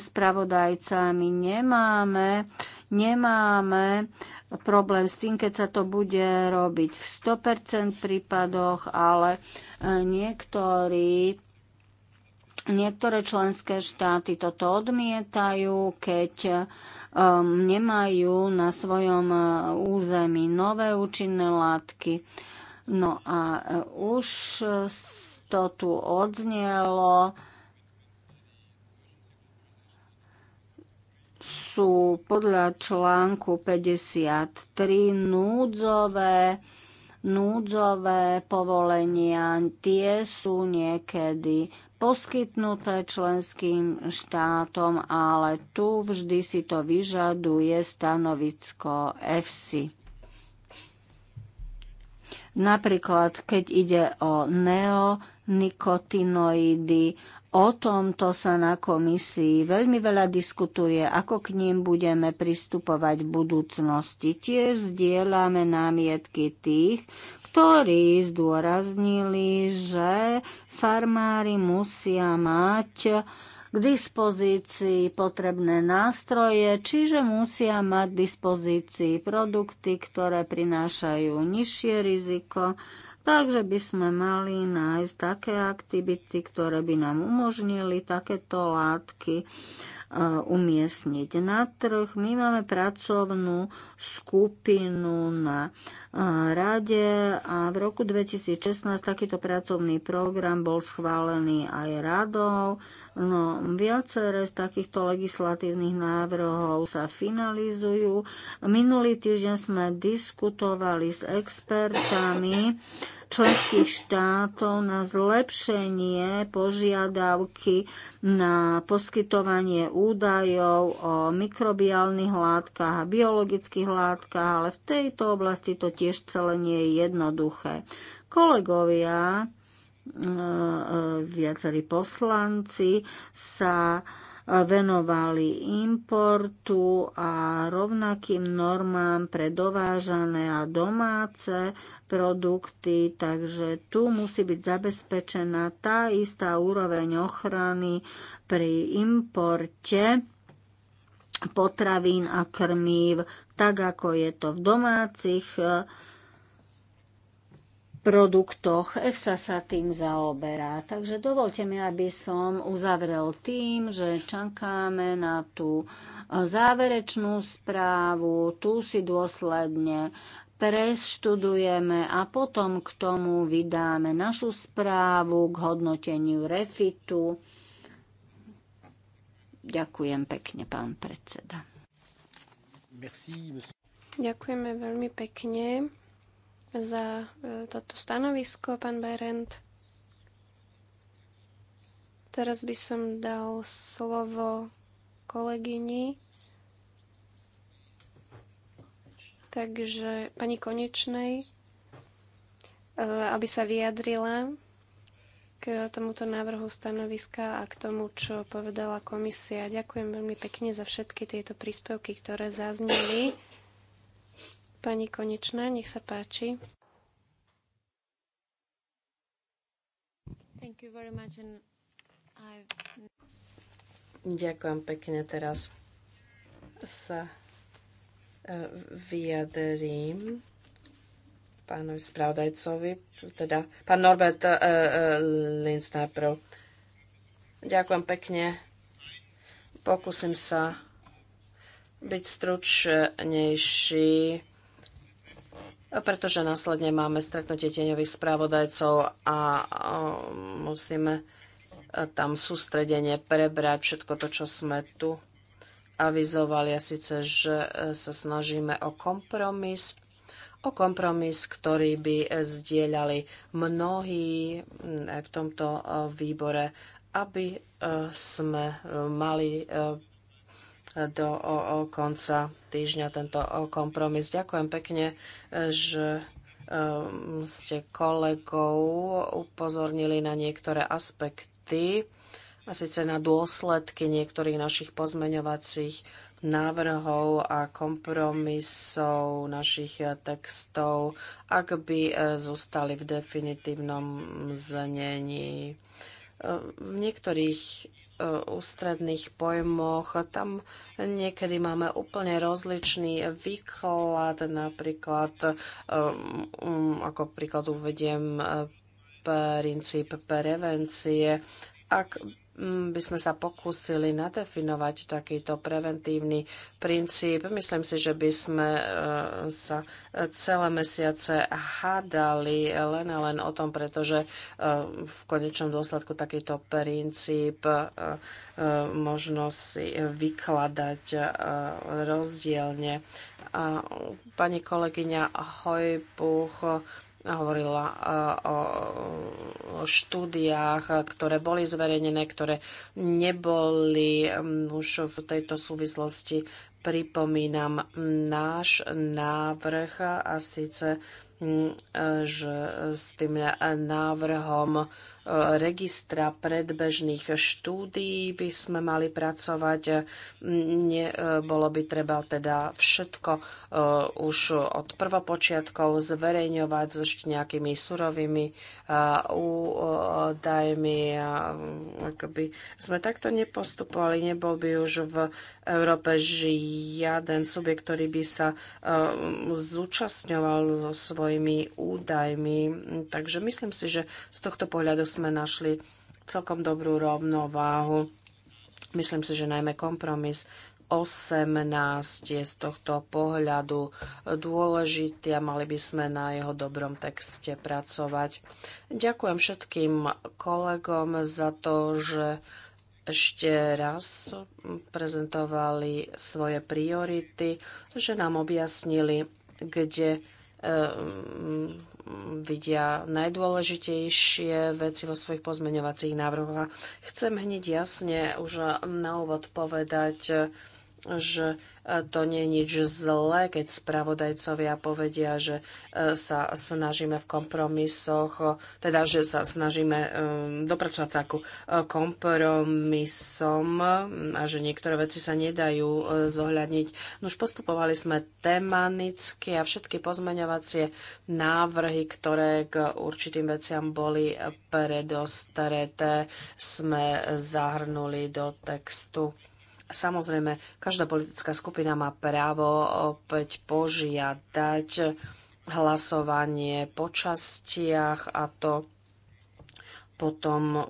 spravodajca. My nemáme, nemáme problém s tým, keď sa to bude robiť v 100% prípadoch, ale e, niektorí Niektoré členské štáty toto odmietajú, keď um, nemajú na svojom e, území nové účinné látky. No a už to tu odznielo. sú podľa článku 53 núdzové, núdzové povolenia. Tie sú niekedy poskytnuté členským štátom, ale tu vždy si to vyžaduje stanovisko EFSI. Napríklad, keď ide o neonikotinoidy, O tomto sa na komisii veľmi veľa diskutuje, ako k ním budeme pristupovať v budúcnosti. Tiež zdieľame námietky tých, ktorí zdôraznili, že farmári musia mať k dispozícii potrebné nástroje, čiže musia mať k dispozícii produkty, ktoré prinášajú nižšie riziko Takže by sme mali nájsť také aktivity, ktoré by nám umožnili takéto látky e, umiestniť na trh. My máme pracovnú skupinu na rade a v roku 2016 takýto pracovný program bol schválený aj radou. No, viaceré z takýchto legislatívnych návrhov sa finalizujú. Minulý týždeň sme diskutovali s expertami členských štátov na zlepšenie požiadavky na poskytovanie údajov o mikrobiálnych látkach a biologických látkach, ale v tejto oblasti to tiež celé nie je jednoduché. Kolegovia, e, e, viacerí poslanci sa e, venovali importu a rovnakým normám pre dovážané a domáce produkty, takže tu musí byť zabezpečená tá istá úroveň ochrany pri importe potravín a krmív, tak ako je to v domácich eh, produktoch. EFSA sa tým zaoberá. Takže dovolte mi, aby som uzavrel tým, že čakáme na tú eh, záverečnú správu. Tu si dôsledne preštudujeme a potom k tomu vydáme našu správu k hodnoteniu refitu Ďakujem pekne, pán predseda. Merci, Ďakujeme veľmi pekne za e, toto stanovisko, pán Berend. Teraz by som dal slovo kolegyni. Takže pani Konečnej, e, aby sa vyjadrila k tomuto návrhu stanoviska a k tomu, čo povedala komisia. Ďakujem veľmi pekne za všetky tieto príspevky, ktoré zazneli. Pani Konečná, nech sa páči. Ďakujem pekne teraz sa e, vyjadrím pánovi spravodajcovi, teda pán Norbert uh, uh, Linz najprv. Ďakujem pekne. Pokúsim sa byť stručnejší, pretože následne máme stretnutie tieňových spravodajcov a eh, musíme tam sústredenie prebrať všetko to, čo sme tu avizovali a síce, že sa snažíme o kompromis o kompromis, ktorý by zdieľali mnohí mm, v tomto e, výbore, aby e, sme e, mali do konca týždňa tento kompromis. Ďakujem pekne, že ste kolegov upozornili na niektoré aspekty a síce na dôsledky niektorých našich pozmeňovacích návrhov a kompromisov našich textov, ak by e, zostali v definitívnom znení. E, v niektorých e, ústredných pojmoch. Tam niekedy máme úplne rozličný výklad, napríklad, ako príklad uvediem princíp prevencie. Ak Mm, by sme sa pokúsili nadefinovať takýto preventívny princíp. Myslím si, že by sme e, sa celé mesiace hádali len a len o tom, pretože e, v konečnom dôsledku takýto princíp e, možno si vykladať rozdielne. Pani kolegyňa Hojbuch hovorila e, o štúdiách, ktoré boli zverejnené, ktoré neboli už v tejto súvislosti. Pripomínam náš návrh a síce, e, že s tým návrhom registra predbežných štúdií by sme mali pracovať. Nie, e, bolo by treba teda všetko e, už od prvopočiatkov zverejňovať s ešte nejakými surovými e, údajmi. Mm, Ak sme takto nepostupovali, nebol by už v Európe žiaden subjekt, ktorý by sa zúčastňoval so svojimi údajmi. Takže myslím si, že z tohto pohľadu sme našli celkom dobrú rovnováhu. Myslím si, že najmä kompromis 18 je z tohto pohľadu dôležitý a mali by sme na jeho dobrom texte pracovať. Ďakujem všetkým kolegom za to, že ešte raz prezentovali svoje priority, že nám objasnili, kde eh, vidia najdôležitejšie veci vo svojich pozmeňovacích návrhoch. A chcem hneď jasne už na úvod povedať, že E, to nie je nič zlé, keď spravodajcovia povedia, že e, sa snažíme v kompromisoch, teda že sa snažíme e, dopracovať sa ku kompromisom mm, a že niektoré veci sa nedajú zohľadniť. No už postupovali sme temanicky a všetky pozmeňovacie návrhy, ktoré k určitým veciam boli predostreté, sme zahrnuli do textu. Samozrejme, každá politická skupina má právo opäť požiadať hlasovanie po častiach a to potom um,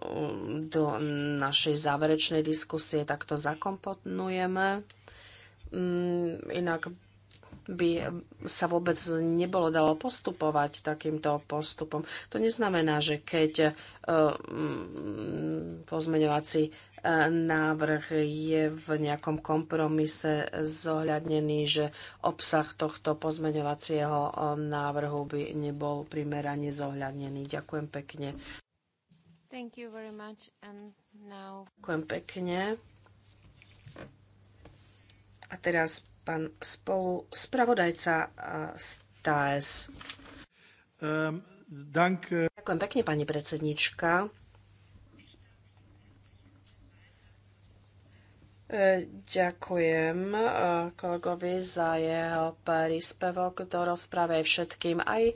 do našej záverečnej diskusie takto zakomponujeme. Mm, inak by sa vôbec nebolo dalo postupovať takýmto postupom. To neznamená, že keď uh, mm, pozmeňovací návrh je v nejakom kompromise zohľadnený, že obsah tohto pozmeňovacieho eh, návrhu by nebol primerane zohľadnený. Ďakujem pekne. Thank you very much. And now... Ďakujem pekne. A teraz pán spolu spravodajca eh, Stáez. Um, ehm, dank... Eh, Ďakujem pekne, pani predsednička. Ďakujem e, kolegovi za jeho príspevok do rozprave všetkým. Aj e,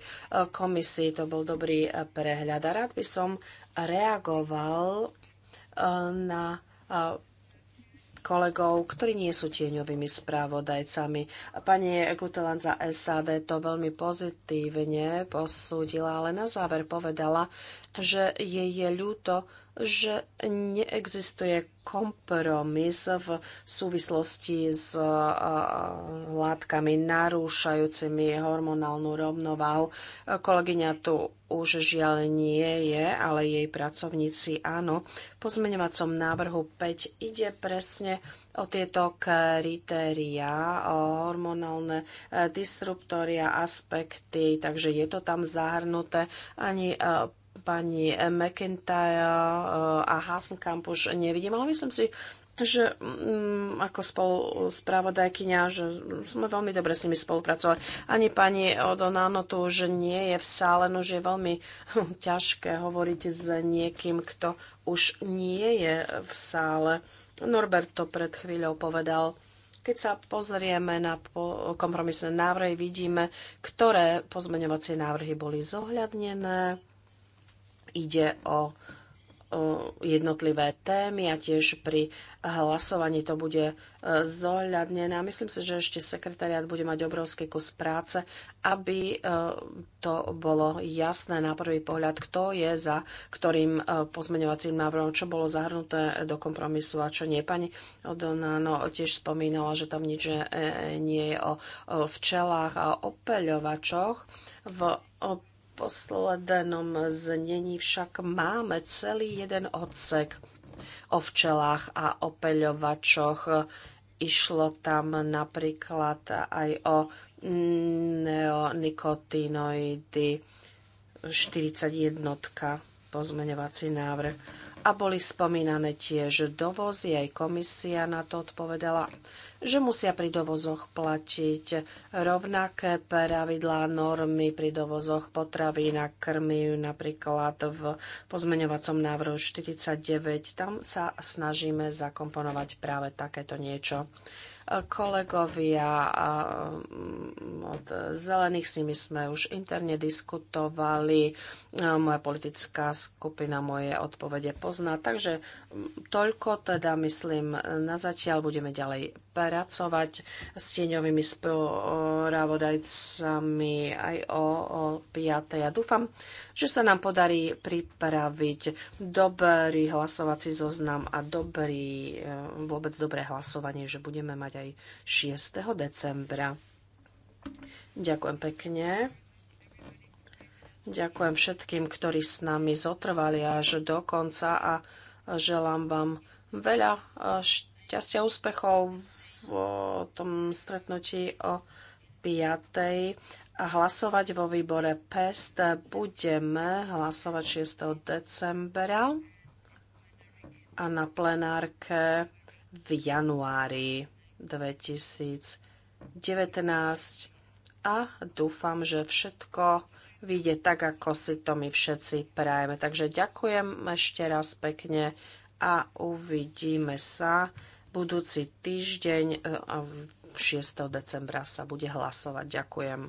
komisii to bol dobrý e, prehľad. A rád by som reagoval na kolegov, ktorí nie sú tieňovými správodajcami. Pani Gutelan za SAD to veľmi pozitívne posúdila, ale na záver povedala, že jej je ľúto, že neexistuje kompromis v súvislosti s látkami narúšajúcimi hormonálnu rovnováhu. Kolegyňa tu už žiaľ nie je, ale jej pracovníci áno. V pozmeňovacom návrhu 5 ide presne o tieto kritériá, o hormonálne e, disruptória, aspekty, takže je to tam zahrnuté. Ani e, pani McIntyre eh, a Hasenkamp už nevidím, ale myslím si, že mm, ako spolu spravodajkyňa, že sme veľmi dobre s nimi spolupracovali. Ani pani Odonáno tu už nie je v sále, no že je veľmi [LAUGHS] ťažké hovoriť s niekým, kto už nie je v sále. Norbert to pred chvíľou povedal. Keď sa pozrieme na kompromisné návrhy, vidíme, ktoré pozmeňovacie návrhy boli zohľadnené ide o jednotlivé témy a tiež pri hlasovaní to bude e, zohľadnené. A myslím si, že ešte sekretariat bude mať obrovský kus práce, aby e, to bolo jasné na prvý pohľad, kto je za ktorým e, pozmeňovacím návrhom, čo bolo zahrnuté do kompromisu a čo nie. Pani Odonáno tiež spomínala, že tam nič nie je o včelách a opeľovačoch. V poslednom znení však máme celý jeden odsek o včelách a opeľovačoch, Išlo tam napríklad aj o neonikotinoidy 41 pozmeňovací návrh a boli spomínané tiež dovozy. Aj komisia na to odpovedala, že musia pri dovozoch platiť rovnaké pravidlá, normy pri dovozoch potravy na krmy, napríklad v pozmeňovacom návrhu 49. Tam sa snažíme zakomponovať práve takéto niečo. Kolegovia mm, od zelených s nimi sme už interne diskutovali. Moja politická skupina moje odpovede pozná. Takže mm, toľko teda myslím na zatiaľ. Budeme ďalej pracovať s tieňovými spravodajcami aj o, o 5. Ja dúfam, že sa nám podarí pripraviť dobrý hlasovací zoznam a dobrý, e, vôbec dobré hlasovanie, že budeme mať aj 6. decembra. Ďakujem pekne. Ďakujem všetkým, ktorí s nami zotrvali až do konca a želám vám veľa e, šťastia, úspechov o tom stretnutí o 5. a hlasovať vo výbore PEST budeme hlasovať 6. decembra a na plenárke v januári 2019 a dúfam, že všetko vyjde tak, ako si to my všetci prajeme. Takže ďakujem ešte raz pekne a uvidíme sa budúci týždeň e, a 6. decembra sa bude hlasovať. Ďakujem.